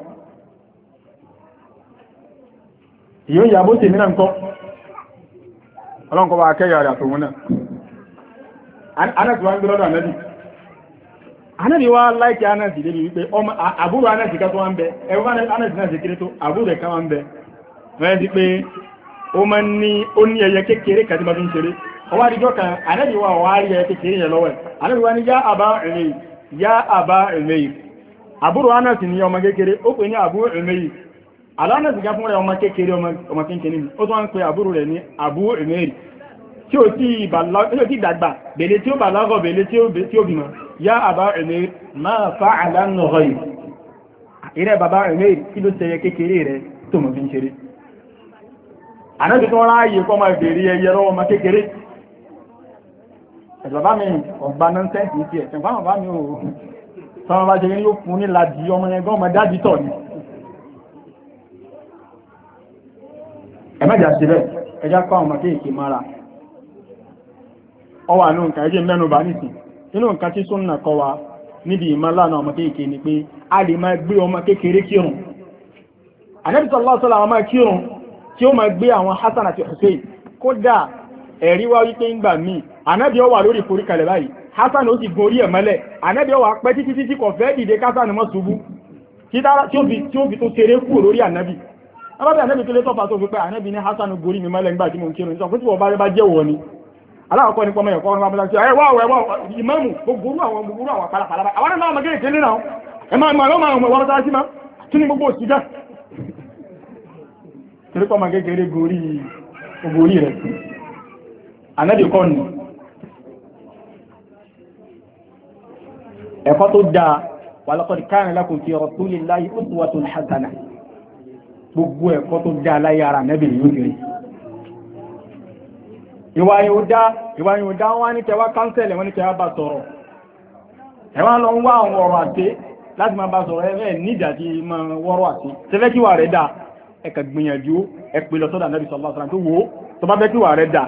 ìyó wípé ọmọ àbúrò anẹ́sì kan tó bẹ ẹ̀rọ anẹ́sì náà ṣe tó àbúrò bẹ wọ́n sí pé ó máa ní ó kékeré ọwá àdíjọ́ kan ànábì wa wà rí ẹ kékeré yẹn lọ́wọ́ ànábì wa ní yá àbá ìrìn yá àbá ìrìn àbúrò anasi ní ọmọ kékeré ó pè ní àbú ìrìn alánàsì ká fún rẹ ọmọ kékeré ọmọ kékeré ni ó tó ń pe àbúrò rẹ ní àbú ìrìn tí ó tí ó fa àlànà ọ̀hìn ìrẹ́ bàbá ìrìn kí ló ṣẹyẹ kékeré rẹ tó mọ̀ fi ń ṣeré ànábì tó ẹ̀bàbá mi ọ̀gbà nọ́ńsẹ́ǹsì ti ẹ̀ ṣẹ̀gbọ́n bàbá mi ò sọ́wọ́n bá ṣe rí ló fún ní ládìí ọmọ ẹgbẹ́ ọmọ dájú tọ̀ ni ẹ̀mẹ́jà ṣe bẹ́ẹ̀ ẹjá kọ́ àwọn kéèké mara ọwà ní nǹkan ẹjẹ́ mẹ́nu bá nìsín nínú nǹkan tí súnnà kọ́ wa níbi ìmọ̀lànà ọmọ kéèké ni pé a lè máa gbé ọmọ kékeré kírun ànẹ́bìtọ̀ lọ́sọ̀lá àwọn máa kírun tí ó máa gbé àwọn Hasan àti Hussein kódà ẹ̀rí wá wípé ń gbà míì ànábì ọwà wà lórí ìforíkalẹ̀ báyìí hasan ó sì gun orí ẹ̀ mọ́lẹ̀ ànábì ó pẹ́ títí títí kò fẹ́ dìde kásán mọ́ ṣubú tí ó fi tó ṣeré kúrò lórí ànábì alábẹ́ ànábì tó lé tọ́fà tó fi ní hasan gorí mi mọ́lẹ̀ nígbà tí mo ń kírun sọ tí wọ́n bá rẹ́ bá jẹ́ wọ̀ ni aláwọ̀kọ́ ni máa ànábì kọ́ ni ẹ̀kọ́ tó dáa wà lọ́kọ̀dì káàrin lákùn fi rasulillahi uswatun hasana gbogbo ẹ̀kọ́ tó dáa láyé ara ànábì yóò fi rí ìwà yóò dá ìwà yóò dá wọ́n ní kẹwàá kánsẹ̀lẹ̀ wọ́n ní kẹwàá bá sọ̀rọ̀ ẹ̀wọ́n lọ ń wá àwọn ọ̀rọ̀ àti láti máa bá sọ̀rọ̀ ẹ̀fẹ́ nídàájí máa wọ́rọ̀ àti tẹ́fẹ́ kíwà rẹ̀ dáa ẹ̀kà gbìyànjú ẹ̀pẹ̀ lọ sọ́dọ̀ ànábì sallallahu alaihi wasallam tó wò ó tó bá fẹ́ kíwà rẹ̀ dáa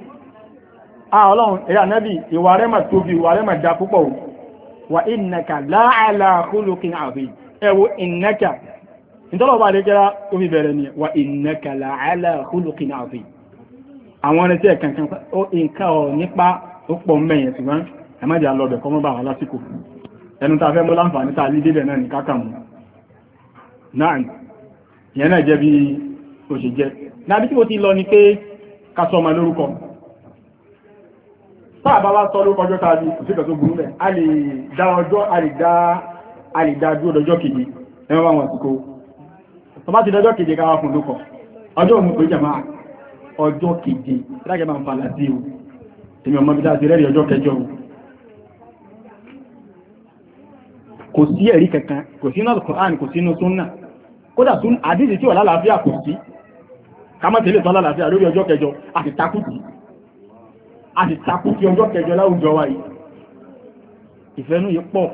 Ah, ọlọ́run ẹ̀yà nẹ́bì ìwà rẹ̀ mà tóbi ìwà rẹ̀ mà dá púpọ̀ wà ìnàkà láàlà khuluqin azim ẹ̀wọ̀ ìnàkà ìtọ́lọ̀bà àdéjẹ́ra omi bẹ̀rẹ̀ ni wà ìnàkà láàlà khuluqin azim àwọn ẹni tí ẹ̀ kankan ìyẹn náà jẹ́ bí ó ṣe náà bí tí mo ti lọ ni pé ká ọmọ lórúkọ táà bá wá sọ ló kọjọ́ tàbí òṣèkà tó burú lẹ̀ a lè dá ọjọ́ a lè dá dúró dọjọ́ keje ẹwọ́n àwọn àsìkò tó bá ti dọjọ́ keje káwà fún lókọ̀ ọjọ́ òun pé jẹ̀má ọjọ́ keje lágẹ̀ máa ń fa láti o èmi ọmọ bí láti rẹ́rì ọjọ́ kẹjọ o kò sí ẹ̀rí kankan kò sí náà Kùránì kò sí inú súnnà kódà tún àdíjì tí wà lálàáfíà kò sí ká mọ́ tẹ́lẹ̀ tán lálàáfíà lórí ọjọ́ kẹjọ a sì takú kí ọjọ́ kẹjọ láwùjọ wa yìí ìfẹ́nú yìí pọ̀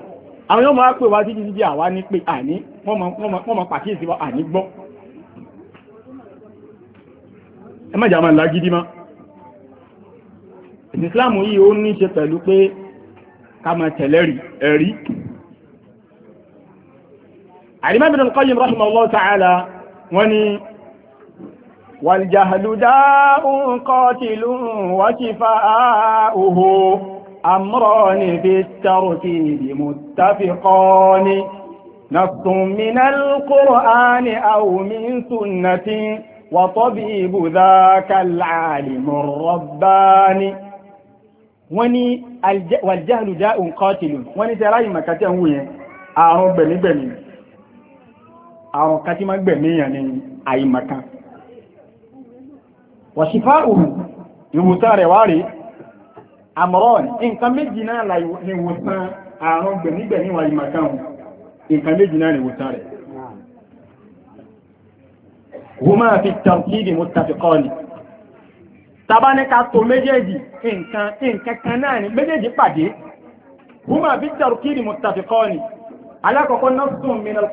àwọn yóò máa pè wá títí títí àwa ní pé àní wọ́n máa pàkíyèsí wa àní gbọ́ ẹ má jà máa lágídí má ìsìsláàmù yìí ó ní ṣe pẹ̀lú pé ká máa tẹ̀lé rí ẹ̀rí àdìmọ́bìnrin kọ́yìn rahimahullah ta'ala wọ́n ní والجهل داء قاتل وشفاؤه أمران في الترتيب متفقان نص من القرآن أو من سنة وطبيب ذاك العالم الرباني وني الج... والجهل داء قاتل وني تراي ما كتنوي أعرب بني بني أعرب كتما بني يعني أي مكان wàṣífà òun ìwòsàn rẹ̀ wá rí àmọ́rọ̀ nǹkan méjì náà ni ìwòsàn àrùn gbẹ̀mígbẹ̀mí wà ìmọ̀kan nǹkan méjì náà ni ìwòsàn rẹ̀ huma fi tàbí mutafiqani tàbá ní ká tó méjèèjì nǹkan nǹkan náà ni méjèèjì pàdé huma fi tàbí mutafiqani alákọ̀ọ́kọ́ náà sùn min al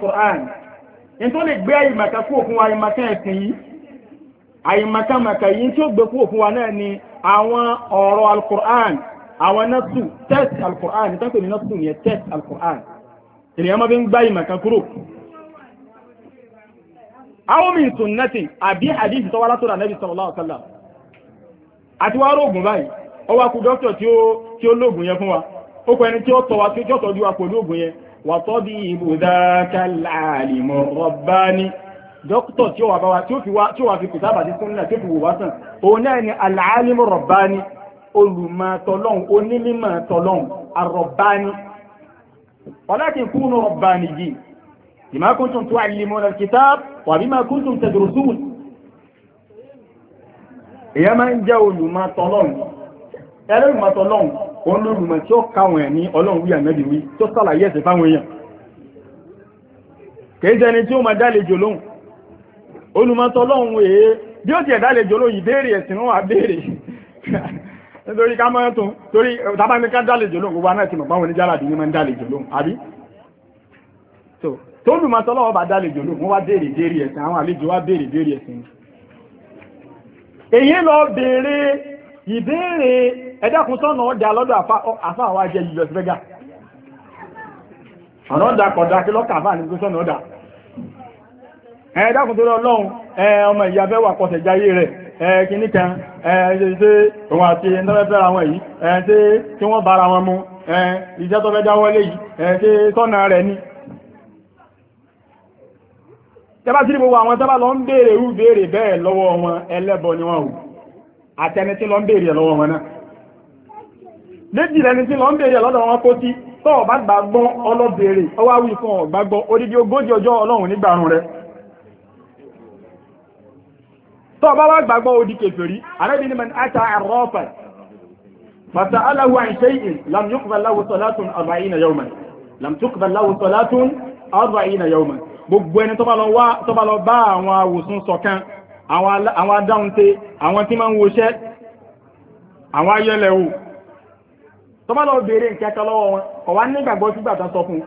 àyìnmakamaka yìí tí ó gbé kúrò fún wa náà ni àwọn ọ̀rọ̀ alukur'an àwọn nasu test alukur'an ní tánpẹ̀ ní nasu ni test alukur'an ènìyàn máa fi ń gbá ìmọ̀kan kúrò àwọn min sunnati àbí hadith tó wá látọ̀dọ̀ Ànábì sallallahu alaihi wasallam àti wá rógùn báyìí ó wá kú dókítà tí ó lóògùn yẹn fún wa ó kọ ẹni tí ó tọ́ wa dókítọ̀ tí ó wà báwa tí ó wà fi kùtà àbàdí súnnà tí ó fi wò wá sàn òun náà ni al-alim ar-rabbani olùmọ̀tọ́lọ́hun onílímọ̀tọ́lọ́hun ar-rabbani walakin kunu rabbaniyyin bima kuntum tu'allimuna al-kitab wa bima kuntum tadrusun èyí máa ń jẹ́ olùmọ̀tọ́lọ́hun ẹlẹ́mọ̀tọ́lọ́hun olùmọ̀ tí ó káwọn ẹ̀ ní ọlọ́run lóhùn olùmọ́tọ́ lọ́hun èé bí ó ti ẹ̀dá lè jọ lóyìn béèrè ẹ̀sìn wọn àbéèrè nítorí ká mọ́yán tó torí tàbá ní ká dálè jọ lóhun gbogbo aná ti mọ̀ báwọn oníjàlá dì ní mọ́ ń dálè jọ lóhun àbí tó olùmọ́tọ́ lọ́wọ́ bá dálè jọ lóhun wọ́n wá béèrè béèrè ẹ̀sìn àwọn àlejò wá béèrè béèrè ẹ̀sìn èyí lọ béèrè ìbéèrè ẹ̀ẹ́dàkùn tó rọ lọ́hun ọmọ ìyá fẹ́ wà pọ̀sẹ̀ jáyé rẹ̀ kìíní kan ẹ̀ẹ́dẹ́ òun àti ẹ̀ẹ́dẹ́fẹ́ra wọn yìí ẹ̀ẹ́dẹ́ tí wọ́n bára wọn mú ìjẹ́ tó fẹ́ dáwọ́lé yìí ẹ̀ẹ́dẹ́ tọ́nà rẹ̀ ni tẹ́bá sí gbogbo àwọn tẹ́bá lọ ń béèrè rú béèrè bẹ́ẹ̀ lọ́wọ́ wọn ẹlẹ́bọ ni wọn ò àtẹni tí lọ ń béèrè lọ́wọ́ wọn náà méjì lẹni tí lọ ń béèrè lọ́dọ̀ wọn kó sí tọ́ ọ̀bá gbàgbọ́ ọlọ́bèèrè ọwá wí fún ọ̀gbàgbọ́ odidi ogójì ọjọ́ ọlọ́run nígbàrún rẹ̀ tó ọba wá gbàgbọ́ odi kèfèrí arábìn ni man ata arọ́fà fata aláwọ̀ àìṣẹ́yìn lam yuqbal lahu salatun arba'ina yawman lam tuqbal lahu salatun arba'ina yawman gbogbo ẹni tó bá lọ bá àwọn awòsùn sọ̀kan àwọn adáhunte àwọn tí máa ń woṣẹ́ àwọn ayẹ́lẹ̀ o tó bá lọ bèèrè nǹkan kan lọ́wọ́ wọn ọ̀wá nígbàgbọ́ sí gbàtà sọ fún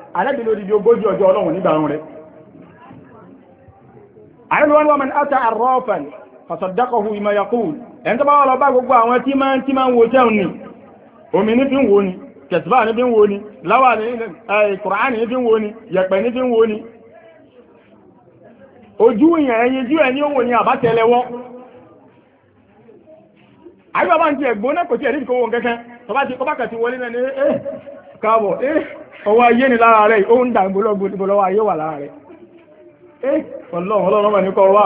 fasaddaqahu bima yaqul ẹni tó bá wà lọ bá gbogbo àwọn tí máa ń tí máa ń wo jẹun ni omi ní fi ń wo ni kẹsìbá ní fi ń wo ni láwà ní Kùránì ní fi ń wo ni yẹ̀pẹ̀ ní fi ń wo ni ojú ìyàn ẹyin jú ẹ ní òun ni àbátẹlẹwọ́ àyíká bá ń ti ẹ̀gbọ́n kò sí ẹ̀rí ìkówó kẹ́kẹ́ tó bá ti kọ́ bá ti wọlé ní ẹ́ káàbọ̀ ẹ́ ọwọ́ ayé ni lára rẹ̀ ó ń dà gbólógbó ayé wà lára rẹ̀ ẹ́ ọlọ́run ọlọ́run mà ní kọ́ wá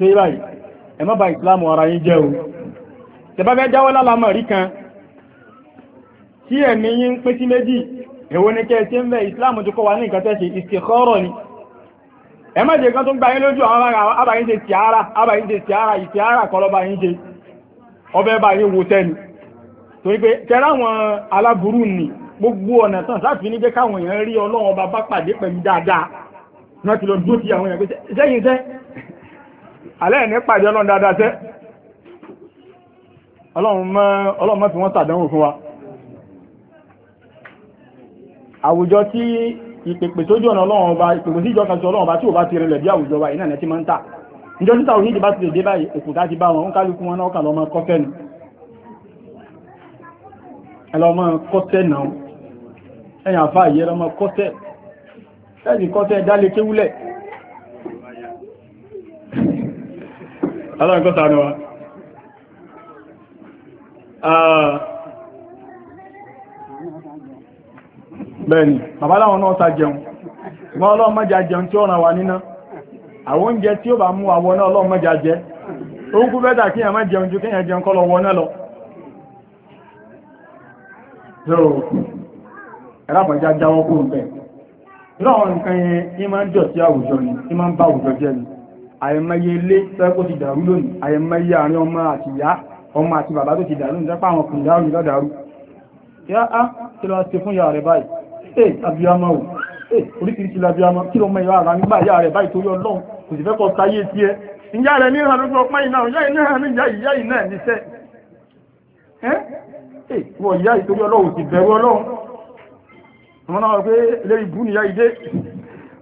ṣe báyìí ẹ má bà ìsìláàmù ara yín jẹ́ o tẹ́ fẹ́ jáwọ́ lálàmọ̀ rí kan tí ẹ̀mí yín ń pín sí méjì èwo ni kẹ́ ṣe ń bẹ ìsìláàmù tó kọ́ wa ní nǹkan ni ẹ má jẹ́ kan tó ń gba yín lójú àwọn abàyín ṣe tìára abàyín ṣe tìára ìtìára kọlọ́ba yín ṣe ọbẹ̀ bá ni gbogbo ọ̀nà tán láti ní jẹ́ káwọn èèyàn rí ọlọ́run ọba bá pàdé pẹ̀lú dáadáa wọ́n ti lọ dúró ti àwọn èèyàn pé sẹ́yìn sẹ́ alẹ́ ní pàdé ọlọ́run dáadáa tẹ́ ọlọ́run mọ́ fi wọ́n tàdánwò fún wa àwùjọ tí ìpèpè sójú ọ̀nà ọlọ́run ọba ìpèpè sí ìjọkan sí ọlọ́run ọba tí ò bá ti rẹlẹ̀ bí àwùjọ wa iná ti máa ń tà ìjọ títà òní ìdíbá ti lè dé báyìí òkúta ti bá wọn ń kálukú wọn náà kà àfáà yẹ lọ́mọ kọ́tẹ́ ẹ̀yìn kọ́tẹ́ dálé kéwúlẹ̀ aláàkọ́ta ah. ni wa bẹ́ẹ̀ni bàbá láwọn náà sá jẹun wọ́n ọlọ́mọ́já jẹun tí ó ràn wá níná àwọn oúnjẹ tí ó bá mú àwọ náà ọlọ́mọ́já jẹ ó ń kú bẹ́dà kí ẹ̀mọ́ jẹun ju kíyàn jẹun kọ́lọ wọ náà lọ ẹ̀rápọ̀já jáwọ́ kúrò bẹ́ẹ̀ àìmọye ilé tẹ́kó ti dàrú lónìí àìmọye àárín ọmọ àti ìyá ọmọ àti bàbá tó ti dàrú nípa àwọn ọkùnrin dàrú nígbà dàrú yá á kí lọ ṣe fún ìyá rẹ báyìí ẹ abiyamọ o ẹ oríṣiríṣi labiyamọ kí lọ mọ ìyá ara nígbà ìyá rẹ báyìí torí Ọlọ́run kò sì fẹ́ kọ sáyé tí ẹ ìyá rẹ ní ìhàn lójú ọpá ìnáwó ìyá ìní ìhàn ìyá ìyá ìná ẹ̀ níṣẹ́ ẹ wọ ìyá ìtorí Ọlọ́run sì bẹ̀rù Ọlọ́run àwọn náà wọ pé eléyìí bú níyá ìdé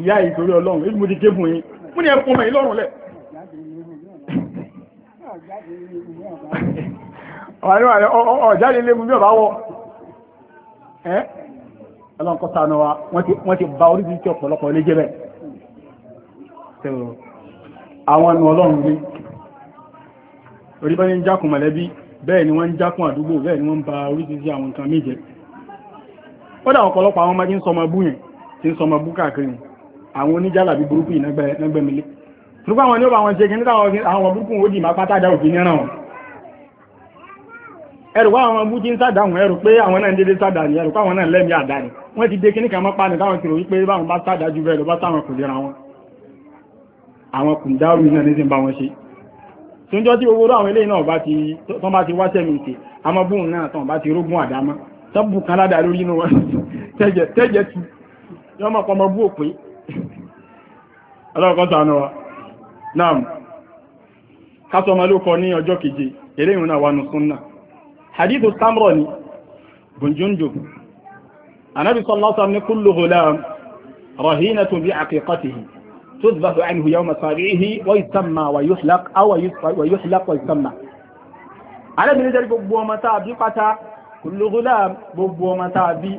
ìyá ìtorí ọlọ́run èyí mo ti gébùn yín mo ní ẹkùn mẹ́yìn lọ́rùn lẹ̀. ọ̀jáde ilé mu bí ọba wọ ẹ́ ọlọ́run kọ́ sànù wa wọ́n ti ba oríṣiríṣi ọ̀pọ̀lọpọ̀ ilé jẹ́ bẹ́ẹ̀ àwọn ẹnu ọlọ́run rí orí bá ní ń jákun mọ̀lẹ́bí bẹ́ẹ̀ ni wọ́n ń jákun àdúgbò bẹ́ẹ̀ ni wọ́n ń ba oríṣiríṣi àwọn nǹkan méje ó dà ọ̀pọ̀lọpọ̀ àwọn ọmọdé ń sọmọ bú yẹn tí ń sọmọ bú káàkiri àwọn oníjàlàbí burúkú ìnẹ́gbẹ̀mílé nígbà àwọn ní ó bá wọn ṣe kìí àwọn burúkú ó dì máa pátádá òfin ní ẹ̀ràn ẹrù wá àwọn bú tí ń sádà wọn ẹrù pé àwọn náà ń dédé sádà ní ẹrù páwọn náà lẹ́mí àdá ni wọ́n ti dé kí nìkan mọ́pá ní táwọn kìrò wípé báwọn bá sádà jù bẹ́ẹ̀ lọ bá táwọn kò lera wọn àwọn kùndárù náà ní sí bá wọn ṣe tó tí owó àwọn eléyìí náà tán bá ti wá sẹ́mi ìtì àmọ́ bóun náà tán bá ti rógún àdámọ́ tán bù kan ládàá lórí inú wọn tẹ́jẹ̀ tù yọmọ pọmọ bú òpin alákọ̀ọ́ta anáwà náà kásọ ma ló kọ ní ọjọ́ keje eré ìrìnà wà nù súnnà hadithu samro ni bunjunjo anábi sallásá ní kullu ghulam rahinatun bi aqiqatihi تذبح عنه يوم صابعه ويسمى ويحلق أو ويحلق ويسمى على من ذلك بو كل غلام بو متى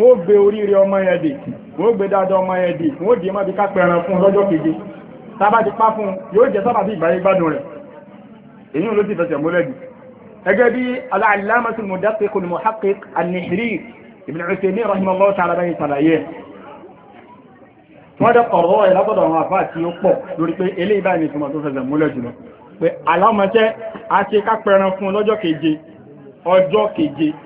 wọ́n gbé oríire ọmọ yẹn dè wọ́n gbé dáadáa ọmọ yẹn dè wọ́n dè mọ́bí kápẹ́ ẹran fún lọ́jọ́ keje tábà ti pá fún yóò jẹ́ sábà bí ìgbáyé gbádùn rẹ̀ èyí ló ti fẹsẹ̀ múlẹ̀ jù gẹ́gẹ́ bí al-allamah al-mudaqiq al-muhaqqiq an-Nihri Ibn Uthaymeen rahimahullah ta'ala báyìí sàlàyé wọ́n dẹ̀ kọ̀rọ̀ ẹ̀ látọ̀dọ̀ àwọn àfáà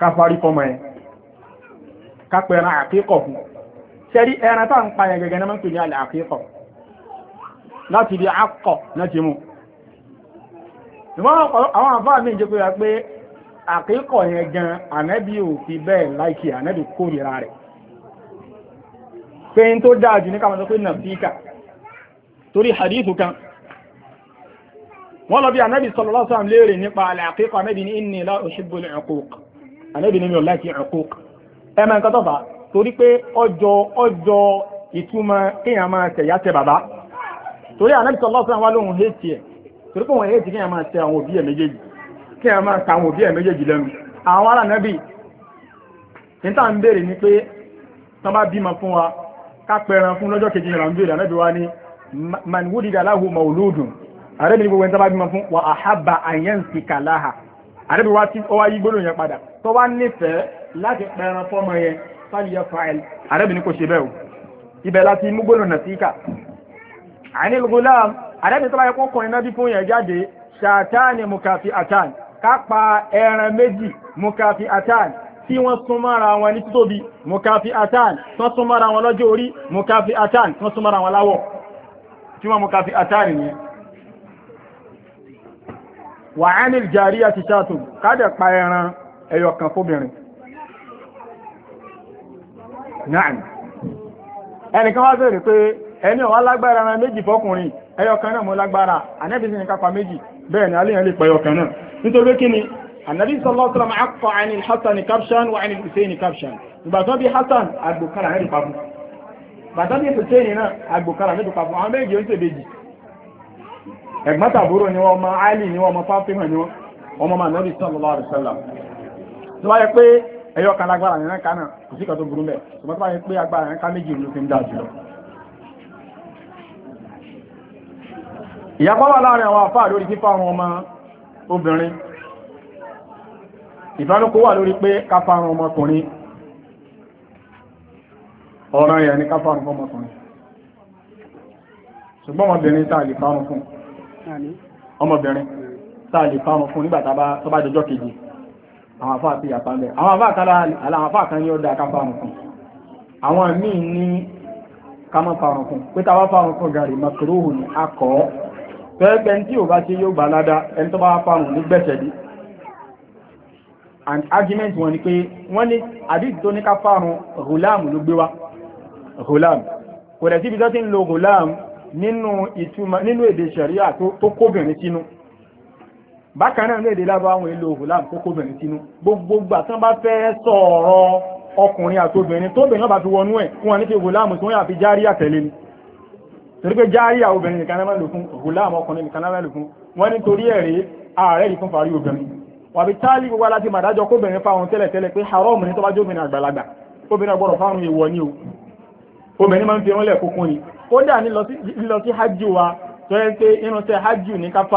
ká parí fọmọ ẹ̀ ká pẹ̀ ẹran àkíkọ̀ fún ṣẹ́rí ẹran tá ń pa ẹ̀ gẹ́gẹ́ náà pè ní alẹ́ àkíkọ̀ láti di akọ̀ náà ti mú ìwọ́n àwọn àfáà mi jẹ́ pé àkíkọ̀ yẹn gan ànẹ́bí ò fi bẹ́ẹ̀ láìkì ànẹ́bí kórìíra rẹ̀ pé n tó dáa jù ní kàwọn sọ pé nàbíkà torí hadithu kan wọ́n lọ bí ànẹ́bí sallallahu alaihi wasallam nípa alẹ́ àkíkọ̀ ànẹ́bí ní inni la uhibbul uquq ànábì ní mi ò láìkí uquq ẹ máa ń kọ́ tọ́fà torí pé ọjọ́ ọjọ́ ìtumọ̀ kéèyàn máa tẹ̀yà tẹ bàbá torí ànábì sallallahu alaihi wasallam wá lóhun hétì ẹ̀ torí pé òun hétì kéèyàn máa tẹ àwọn òbí ẹ̀ méjèèjì kéèyàn máa ta àwọn òbí ẹ̀ méjèèjì lẹ́nu àwọn ará ń wa fún lọ́jọ́ kejì wa ni ni gbogbo ẹni tán bá bímọ fún wa àhábà kàláhà yí padà tó wá nífẹ̀ẹ́ láti pẹran fọ́mọ yẹn fàlìyà fàìl àrẹ́bìnrin kò ṣe bẹ́ẹ̀ o ibẹ̀ láti mú gbónà nà síkà àní lùgùlám àrẹ́bìnrin tó bá yẹ kó kọrin náà bí fún yẹn jáde ṣàtàní mukafi atan kápa ẹran méjì mukafi atan tí wọ́n sún mọ́ra wọn ní títóbi mukafi atan tán sún mọ́ra wọn lọ́jọ́ orí mukafi atan tán sún mọ́ra wọn láwọ̀ tí wọ́n mukafi atan nìyẹn wàhánil jàríyà ti ṣàtò kádẹ̀ pa ẹran ẹyọ kan fóbìnrin náà ẹnìkan wá bèèrè pé ẹni ọ̀wá lágbára ẹran méjì fọkùnrin ẹyọ kan náà mo lágbára ànábì sí ní kápá méjì bẹ́ẹ̀ ni aléyàn lè pa ẹyọ kan náà nítorí kí ni ànábì sallallahu alaihi wasallam akọ àìní Hasan kapshan wà àìní Hussein kapshan ìgbà tó bí Hasan agbókàrà ní ìpapò bàtà ni wọ́n ọmọ Ali ni wọ́n ọmọ ni wọ́n ọmọ mànábì sallallahu tó bá yẹ pé ẹyọ kan lágbára yẹn ká náà kò sí kan tó burú mẹ́ tó bá yẹ pé agbára yẹn ká méjì ló fi ń dà jùlọ ìyapa wà láàrin àwọn àfáà lórí fífà àwọn ọmọ obìnrin ìbánúkó wà lórí pé káfà àwọn ọmọkùnrin ọ̀rọ̀ yẹn ni káfà àwọn ọmọkùnrin ṣùgbọ́n ọmọbìnrin tàà lè fárún fún ọmọbìnrin tàà lè fárún fún nígbàtà bá jọjọ́ kejì àwọn afá àti ìyàpá ń bẹ àwọn afá kan àwọn afá kan ní ó dá ká fárun fún àwọn míì ní ká má fárun fún pé tá a bá fárun fún gàrí makruhu ni a kọ́ pẹ́ẹ́pẹ́ tí ò bá ṣe yóò gbà ládá ẹni tó bá fárun ní gbẹ̀ṣẹ̀ dí and argument wọn ni pé wọ́n ní àdíjì tó ní ká fárun ghulam ló gbé bákan náà léde lábá àwọn èlò òhùlá kókó obìnrin sínú gbogbogbà tán bá fẹ́ sọ̀rọ̀ ọkùnrin àti obìnrin tó obìnrin bá fi wọnú ẹ̀ fún wọn ní fi òhùlá mùsùn yà fi járíà tẹ̀lé ni torí pé járíà obìnrin nìkan náà lò fún òhùlá ọkùnrin nìkan náà lò fún wọn nítorí ẹ̀rí ààrẹ yìí fún parí obìnrin wàbí táàlì gbogbo aláti màdájọ kóbìnrin fáwọn ní tó bá ni o obìnrin máa ń fi irun lẹ̀ kókó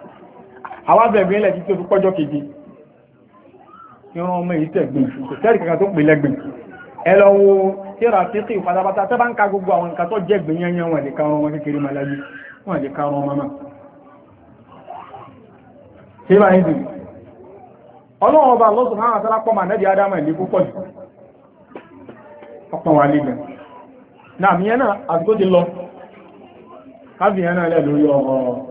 àwọn abẹ̀gbẹ̀ ilẹ̀ títí oṣù pọ́jọ́ keje ìran ọmọ èyí tẹ̀gbìn kò tẹ́rì kankan tó pè lẹ́gbìn ẹ lọ wo tíra títí ìfàdàbàtà tẹ́ bá ń ka gbogbo àwọn nǹkan tó jẹ́gbìn yẹnyẹn wọn lè karùn ọmọ kékeré máa láyé wọn lè karùn ọmọ náà ṣé bá yín dùn ọlọ́run ọba lọ́sùn náà àtàlá pọ̀ mà nẹ́bí ádámà ìlú púpọ̀ jù ọpọ̀ wà lẹ́gbẹ̀ẹ́ náà mìíràn àti tó ti lọ káfíńyàn náà lẹ́ lórí ọ̀rọ̀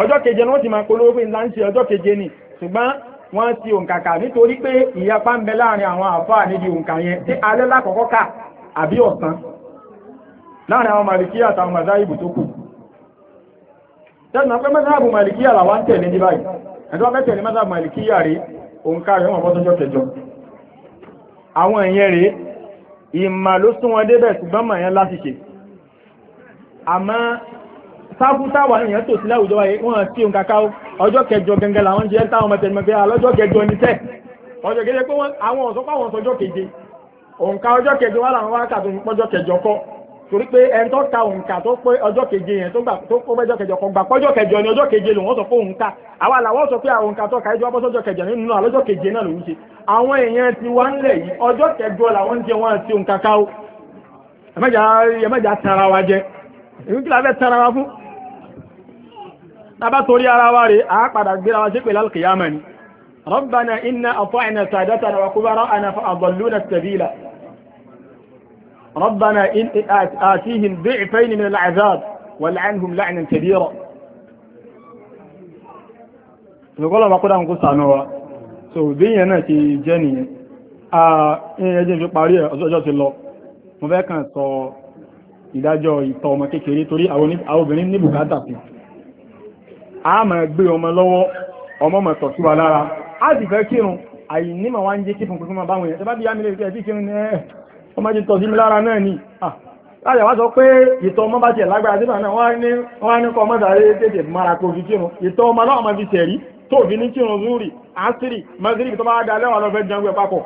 ọjọ́ keje ni wọ́n ti máa polówó pé ńlá ń ṣe ọjọ́ keje ni ṣùgbọ́n wọ́n ti òǹkà kà nítorí pé ìyapa ń bẹ láàrin àwọn àfáà níbi òǹkà yẹn tí alẹ́ lákọ̀ọ́kọ́ kà àbí ọ̀sán láàrin àwọn màlìkí àtàwọn màzáìbù tó kù tẹ́lẹ̀ pé mẹ́sàbù màlìkí àlàwà ń tẹ̀lé ní báyìí ẹ̀dọ́ mẹ́tẹ̀lé mẹ́sàbù màlìkí àrí òǹkà rẹ̀ sáfù wa èèyàn tò sí láwùjọ wáyé wọ́n tí òun kàkà ó ọjọ́ kẹjọ gẹ́gẹ́ làwọn jẹ́ táwọn mẹ́tẹ̀ẹ̀mẹ́ fẹ́ alọ́jọ́ kẹjọ ní tẹ́ ọjọ́ kẹjọ pé wọ́n àwọn ọ̀sọ́ pàwọn ọ̀sọ́jọ́ keje ọjọ́ kẹjọ wà láwọn wákà tó ń pọ́jọ́ kẹjọ kọ́ torí pé ẹni tó ka òǹkà tó pé ọjọ́ keje yẹn tó gbà tó kó kẹjọ kọ́ gbà pọ́jọ́ kẹjọ ni ọjọ́ keje wa èmi kí la fẹ́ tàbá torí ara wá rẹ̀ a padà gbéra wá sí pẹ̀lú alkiyama ni rabbana inna ata'na sadatana wa kubara'ana fa adalluna sabila rabbana in atihim dhi'fayn min al'azab wal'anhum la'nan kabira lọ́gọ́lọ́ ma kódà ń kó sànú wa so bí yẹn náà ti jẹ́ nìyẹn a ẹyẹ jẹ́ fi parí ẹ̀ ọjọ́ ti lọ mo fẹ́ kàn sọ ìdájọ́ ìtọ̀ ọmọ kékeré torí àwọn obìnrin ní bùkátà sí a máa gbé ọmọ lọ́wọ́ ọmọ mọ̀ tọ̀ sí wa lára a sì fẹ́ kírun àìní mà wá ń jẹ́ kí fún pípọ́n báwọn èèyàn tó bá bí yámi lè fi kírun ẹ̀ ọmọ ti tọ̀ sí mi lára náà ni láti àwọn sọ pé ìtọ̀ ọmọ bá tiẹ̀ lágbára síbà náà wọ́n á ní kọ́ ọmọ sáré tètè mara kó fi kírun ìtọ̀ ọmọ náà máa fi tẹ̀rí tó fi ní kírun zúrì àsìrì mọ́sírì tó bá da lẹ́wọ̀n lọ fẹ́ jẹun papọ̀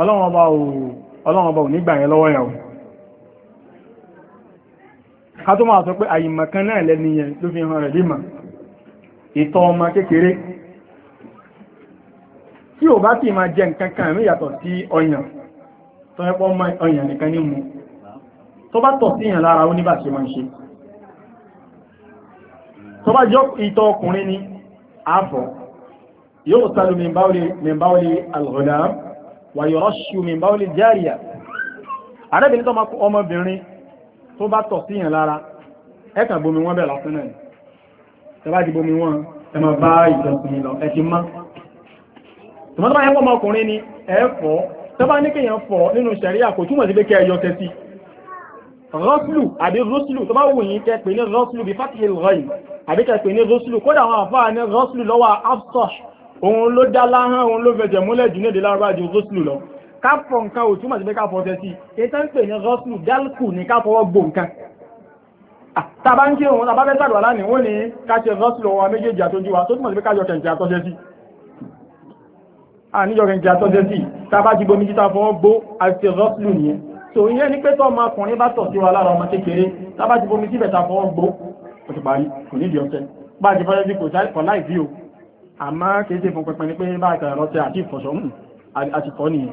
ọlọ́run ọba ò nígbà yẹn lọ́wọ́ yẹn ká tó máa sọ pé àyìmọ̀kan náà lẹ́ni yẹn ló fi hàn rẹ̀ bímọ ìtọ̀ ọmọ kékeré tí ò bá sì máa jẹ nǹkan kan mí yàtọ̀ sí ọyàn tó yẹ pọ́ ọyàn nìkan ní mu tó bá tọ̀ sí yàn lára ó níbà ṣe máa ń ṣe tó bá jọ ìtọ̀ ọkùnrin ni àfọ̀ yóò sálù mìbáwọlé alghulam wà yọ̀rọ̀ ṣù mìbáwọlé járíyà àrẹ́bìnrin tó máa kọ ọmọbìnrin tó bá tọ̀ síyàn lára ẹ kàn bomi wọ́n bẹ̀ lásán náà ẹ bá ti bomi wọ́n ẹ máa bá ìjọsìn lọ ẹ ti má tòmọ́tọ́ bá yẹ pọ́ ni ẹ fọ́ tó bá ní kéèyàn fọ́ nínú ṣẹ̀ríà kò túmọ̀ sí pé kẹ́ ẹ yọ tẹ́sí rọ́sùlù àbí rọ́sùlù tó bá wù yín kẹ́ pè ní rọ́sùlù bí fàtìhì rọ́yìn àbí kẹ́ pè ní rọ́sùlù kódà àwọn àfáà ní rọ́sùlù lọ́wọ́ aftosh òun ló dá láhán òun ló fẹ̀jẹ̀ múlẹ̀ jù ní èdè lárúbá ju rọ́sùlù lọ káfọ̀ nǹkan ò túmọ̀ sí pé káfọ̀ tẹ́sí ètò ń pè ní rọ́sùlù dálkù ní káfọwọ́ gbò nǹkan tàbá ń kí òun tàbá fẹ́ sàdùwà lánìí ó ni káṣe rọ́sùlù ọwọ́ méjèèjì àtójú wa tó túmọ̀ sí pé kájọ kẹ̀kẹ́ àtọ́jẹ́ sí àníjọ kẹ̀kẹ́ àtọ́jẹ́ sí tàbá ti gbomi jíta fọwọ́ gbó àti rọ́sùlù nìyẹn so ìyẹn ni pé tọ́ ọmọ ọkùnrin bá tọ̀ sí wa lára ọmọ kékeré tàbá ti gbomi síbẹ̀ ta fọwọ́ gbó ó ti parí kò nídìí ọ̀sẹ̀ bá ti fọ́jọ́ sí kò láì bí o àmọ́ kì fún pẹpẹ ni pé bá àtàrà lọ́sẹ̀ àti ìfọ̀ṣọ́ àti hmm, ìfọ́ nìyẹn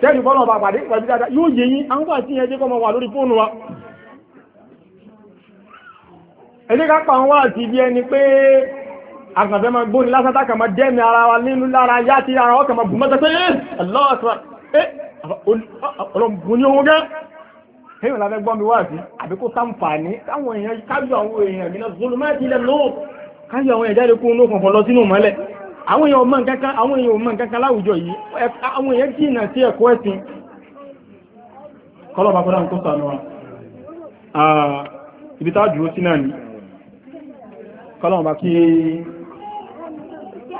tẹ́lù bọ́lọ̀ bá pàdé pẹ̀lú dáadáa yóò yẹ yín àwọn wà tí ẹjẹ́ kọmọ wà lórí fóònù wa ẹjẹ́ ká pa àwọn àti ibi ẹni pé àgbàfẹ́ ma gbóni lásátá kà ma dẹ́mi ara wa nínú lára yá ti ara ọkà ma bùmọ́ta pé ẹ́ eh, eh, ọlọ́ọ̀tọ́ àwọn èèyàn mọ̀ nǹkankan àwọn èèyàn mọ̀ nǹkankan láwùjọ yìí àwọn èèyàn tí ìnà sí ẹ̀kọ́ ẹ̀sìn kọlọ́bà kọ́lá nǹkan sànú wa ibi tá dúró sí náà ni kọlọ́bà kí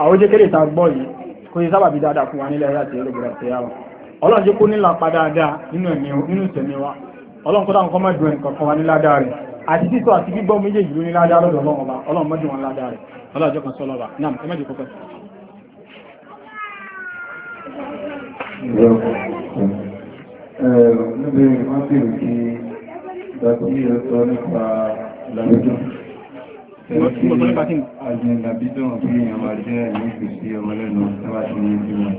àwọn jẹ́ kéré ta gbọ́ yìí kò sí sábàbí dáadáa fún wa nílẹ̀ láti ẹlẹ́gbẹ̀rẹ̀ sí àwọn ọlọ́run jẹ́ kó nílà pa dáadáa nínú ìsẹ̀mí wa ọlọ́run àti títọ́ àti gbígbọ́ méjèèjì ló ní ládá lọ́dọ̀ ọlọ́run ọba ọlọ́run mọ́jú wọn ládá rẹ̀ ọlọ́jọ́ kan sọ́lọ́ba náà ẹ mẹ́jọ kọ́kọ́ níbi wọ́n bèèrè kí dàbí ẹ̀sọ́ nípa làbídùn àjẹ́ làbídùn bí àwọn àjẹ́ ìlú ìgbésí ọmọlẹ́nu sábà ti ní ìlú wọn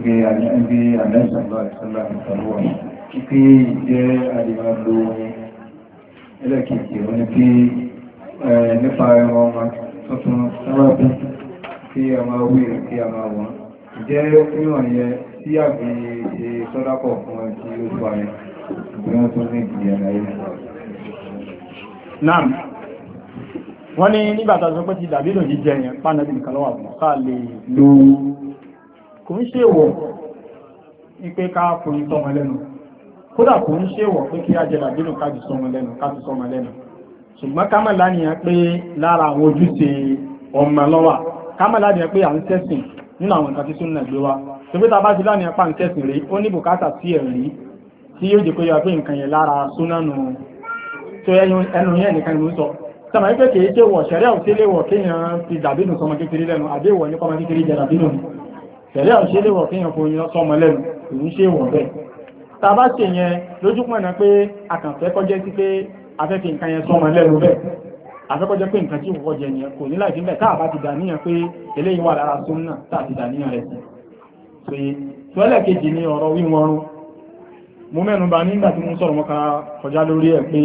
gbé àjẹ́ ìgbé àlẹ́sàgbà ìsọ́lá ìsàlúwà kí jẹ́ àdìmọ́ lóòrùn ẹlẹ́kìtì òní kí nípa ẹran ọmọ tuntun sábàbí kí a máa wí rẹ̀ kí a máa wọ́n jẹ́ fíwọ̀n yẹ tí àbí ṣe sọ́dápọ̀ fún ẹ tí ó fà ẹ ìgbìyàn tó ní ìgbìyàn láyé náà wọ́n ní nígbàtà sọ pé ti dàbí lò jíjẹ yẹn pánàbí nìkan lọ́wọ́ àbùn ká lè lo kò ń ṣe wọ̀ ní pé ká kò ní tọ́mọ lẹ́nu kódà kò ń ṣèwọ̀ pé kí á jẹ dàbínú ká fi sọmọ lẹ́nu ká fi sọmọ lẹ́nu ṣùgbọ́n ká mọ̀lá nìyẹn pé lára àwọn ojúṣe ọmọ lọ́wà ká mọ̀lá nìyẹn pé à ń tẹ̀sìn nínú àwọn nǹkan títún náà gbé wa tóbi tá a bá ti láàrin apá ń tẹ̀sìn rèé ó ní bùkátà sí ẹ̀rí tí yóò jẹ́ kó yọ pé nǹkan yẹn lára súnánù tó ẹnu yẹn nìkan ló sọ sọmọ yìí pé kì í ṣe wọ ṣẹ̀rẹ́ ò sí kéèyàn fi dàbínú sọmọ kékeré lẹ́nu àbí ìwọ̀ nípa ọmọ kékeré jẹ dàbínú ṣẹ̀rẹ́ ò sí léwọ̀ kéèyàn fòyìn sọmọ lẹ́nu kì í ṣe wọ̀ bẹ́ẹ̀ tàbá ṣe yẹn lójúpọ̀ náà pé àkànfẹ́ kọjẹ́ sí pé afẹ́fẹ́ nǹkan yẹn sọmọ lẹ́nu bẹ́ẹ̀ afẹ́kọ́jẹ́ pé nǹkan tí ó kọ́jẹ ni kò ní láì fínbẹ̀ táà bá ti dàníyàn pé eléyìí wà lára súnnà táà ti dàníyàn rẹ̀ sí pé tọ́lẹ̀ kejì ni ọ̀rọ̀ wíwọrun mo mẹ́nu bà nígbà tí mo sọ̀rọ̀ mọ́ka kọjá lórí ẹ̀ pé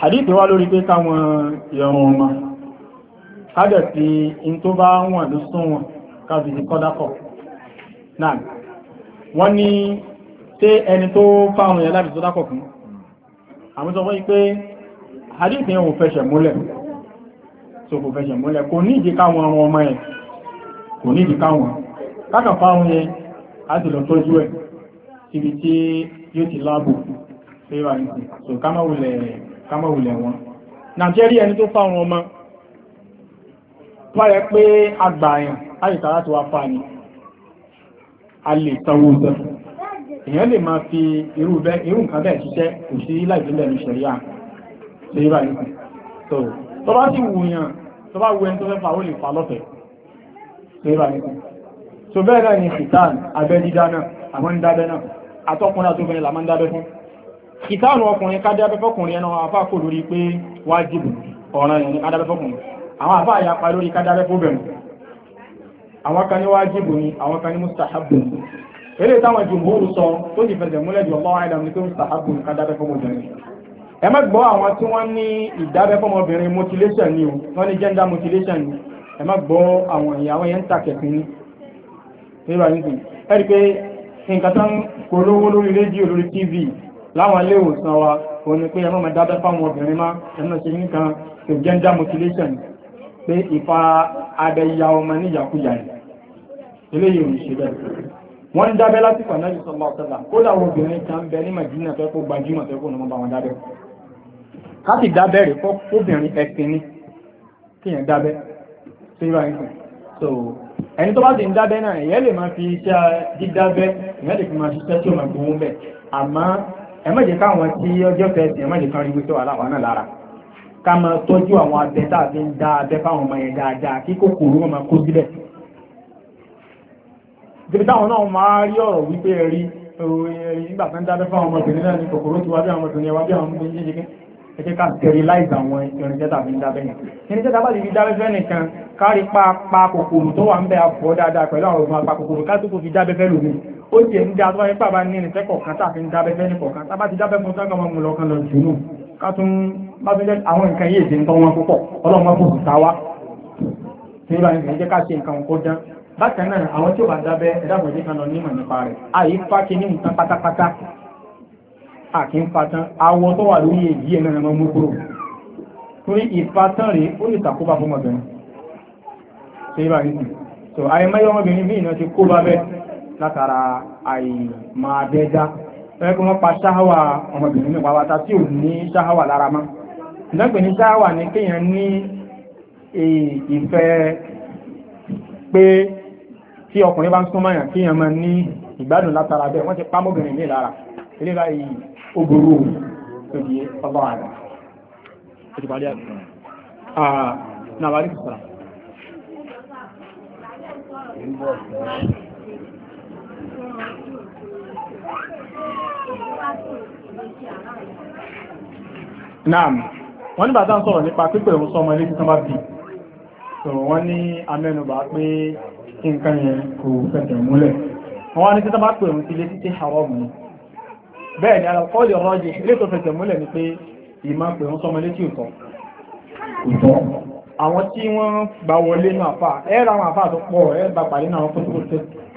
hadith wá lórí pé káwọn ìrọ̀rùn ọmọ kájẹ̀ sí in tó bá wọ̀n ló sún wọn kọ́dákọ̀ náà wọ́n ní tí ẹni tó fáwọn yẹn láti tó dákọ̀ fún àmúsọ wọ́n yí pé hadith yẹn ò fẹsẹ̀ múlẹ̀ so kò fẹsẹ̀ múlẹ̀ kò ní ìdí káwọn ọmọ ọmọ ẹ̀ kò ní ìdí káwọn kákan fáwọn yẹn a ti lọ tọ́jú ẹ̀ síbi tí yóò ti láàbò fẹ́wà a lè tanwó bẹ́ èèyàn lè máa fi irú bẹ́ irú nǹkan bẹ́ẹ̀ ṣiṣẹ́ kò sí láìpínlẹ̀ ní ṣẹ̀ríà ṣe é so tó bá sì wù yàn tó bá wù ẹni tó fẹ́ fà ó lè fà lọ́fẹ̀ẹ́ ṣe é báyìí so bẹ́ẹ̀ náà ni kìtàn abẹ́ dídá náà àwọn ń dábẹ́ náà atọ́kùnrin àtòbìnrin là máa ń dábẹ́ fún kìtàánù ọkùnrin lórí pé wájìbù fóbẹ̀rún àwọn kan ní wájìbù ni àwọn kan ní mustahabu eré táwọn jùmúrù sọ tó sì fẹsẹ̀ múlẹ̀ jù ọlọ́wọ́ àìdàm ní pé mustahabu nǹkan dábẹ́ fọmọbìnrin ẹ má gbọ́ àwọn tí wọ́n ní ìdábẹ́ fọmọbìnrin mutilation ni o wọ́n ní gender mutilation ni ẹ má gbọ́ àwọn ìyàwó yẹn ń takẹ̀kùn ni nígbà yìí ẹ rí pé nǹkan tó ń polówó lórí rédíò lórí tv láwọn ilé ìwòsàn wa òun ni pé ẹ má máa dábẹ́ fáwọn má ẹ má ṣe nǹkan gender mutilation pé ìfà adẹ̀yà ọmọ ní ìyàkúyà rẹ̀ eléyìí òun ṣe bẹ́ẹ̀ wọ́n ń dábẹ́ lásìkò náà yìí sọ́lá ọ̀sẹ̀lá kódà obìnrin kan ń bẹ ní Màdínà fẹ́ kó gbajúmọ̀ fẹ́ kó nà bá wọn dábẹ́ káàtì dábẹ́ rẹ̀ obìnrin ẹ̀sìn ni kíyàn dábẹ́ sí ìwà ìsìn so ẹni tó bá ti ń dábẹ́ náà ìyẹn lè máa fi iṣẹ́ dídábẹ́ ìyẹn lè fi máa ṣiṣẹ́ tí ó máa gbowó bẹ́ẹ̀ àmọ́ ẹ káwọn tí ọjọ́ fẹ́ ẹ̀sìn ẹ kan rí wípé wàhálà wà náà lára ká máa tọ́jú àwọn abẹ tá a fi ń dá abẹ fáwọn ọmọ yẹn dáadáa kí kòkòrò wọn máa kó síbẹ̀. Ibi táwọn náà máa rí ọ̀rọ̀ wípé ẹ̀rí nígbà ń dábẹ́ fáwọn ni kòkòrò ti wá bí àwọn ọmọbìnrin ẹwà bí àwọn ọmọbìnrin sterilize àwọn irinṣẹ́ tàbí ń dábẹ́ yẹn. Irinṣẹ́ tàbí ti fi pa pa kòkòrò tó wà ń bẹ àfọ̀ dáadáa pẹ̀lú àwọn ọmọ apakòkòrò ká tó fi dábẹ́ fẹ́ ó jẹ́ ń dá tọ́ ipá bá ní ìrìnṣẹ́ kọ̀ọ̀kan tàbí ń dábẹ́ fẹ́ ní kọ̀ọ̀kan tàbá ti dábẹ́ fún sọ́gbọ́n mú lọ́kan lọ jù nù ká tún bá tún jẹ́ àwọn nǹkan yìí ti ń tọ́ wọn púpọ̀ ọlọ́mọ kò sá wá tí ìlànà ìrìn jẹ́ ká ṣe nǹkan kó dán bákan náà àwọn tí ó bá dábẹ́ ẹ̀dàbọ̀ jẹ́ kan lọ nímọ̀ nípa rẹ̀ àyí fa kí ní nǹkan pátápátá àkí ń fatán awọ tó wà lórí èyí ẹ̀ náà mú kúrò torí ìfatán rèé ó lè tàkóbá fún ọmọbìnrin tí ìlànà ìrìn so àyẹ̀mẹ́yọ́ ọmọbìnrin míì náà ti kó bá bẹ́ẹ̀ látara àìmọ̀ abẹ́dá fẹ́ kí wọ́n pa ṣáhàwà ọmọbìnrin wata tí ò ní ṣáhàwà lára mọ́ ìdọ́gbẹ̀ ní ṣáhàwà ní kéèyàn ní ìfẹ́ pé tí ọkùnrin bá ń súnmọ́ yàn kéèyàn ní ìgbádùn látara bẹ́ẹ̀ wọ́n ti pa mọ́bìnrin ní lára ilé Naam, wọ́n ní bàtà ń sọ̀rọ̀ nípa pípẹ̀ òun sọmọ ilé títán bá bí. So wọ́n ní amẹ́nubà pé kí n kán yẹn kò fẹ̀tẹ̀ múlẹ̀. Wọ́n wá ní títán bá pẹ̀ òun sí ilé títí haramu ni. Bẹ́ẹ̀ ni alakọ́lì rọ́jì ilé tó fẹ̀tẹ̀ múlẹ̀ ni pé ìmá pẹ̀ òun sọmọ ilé tí ìtọ̀.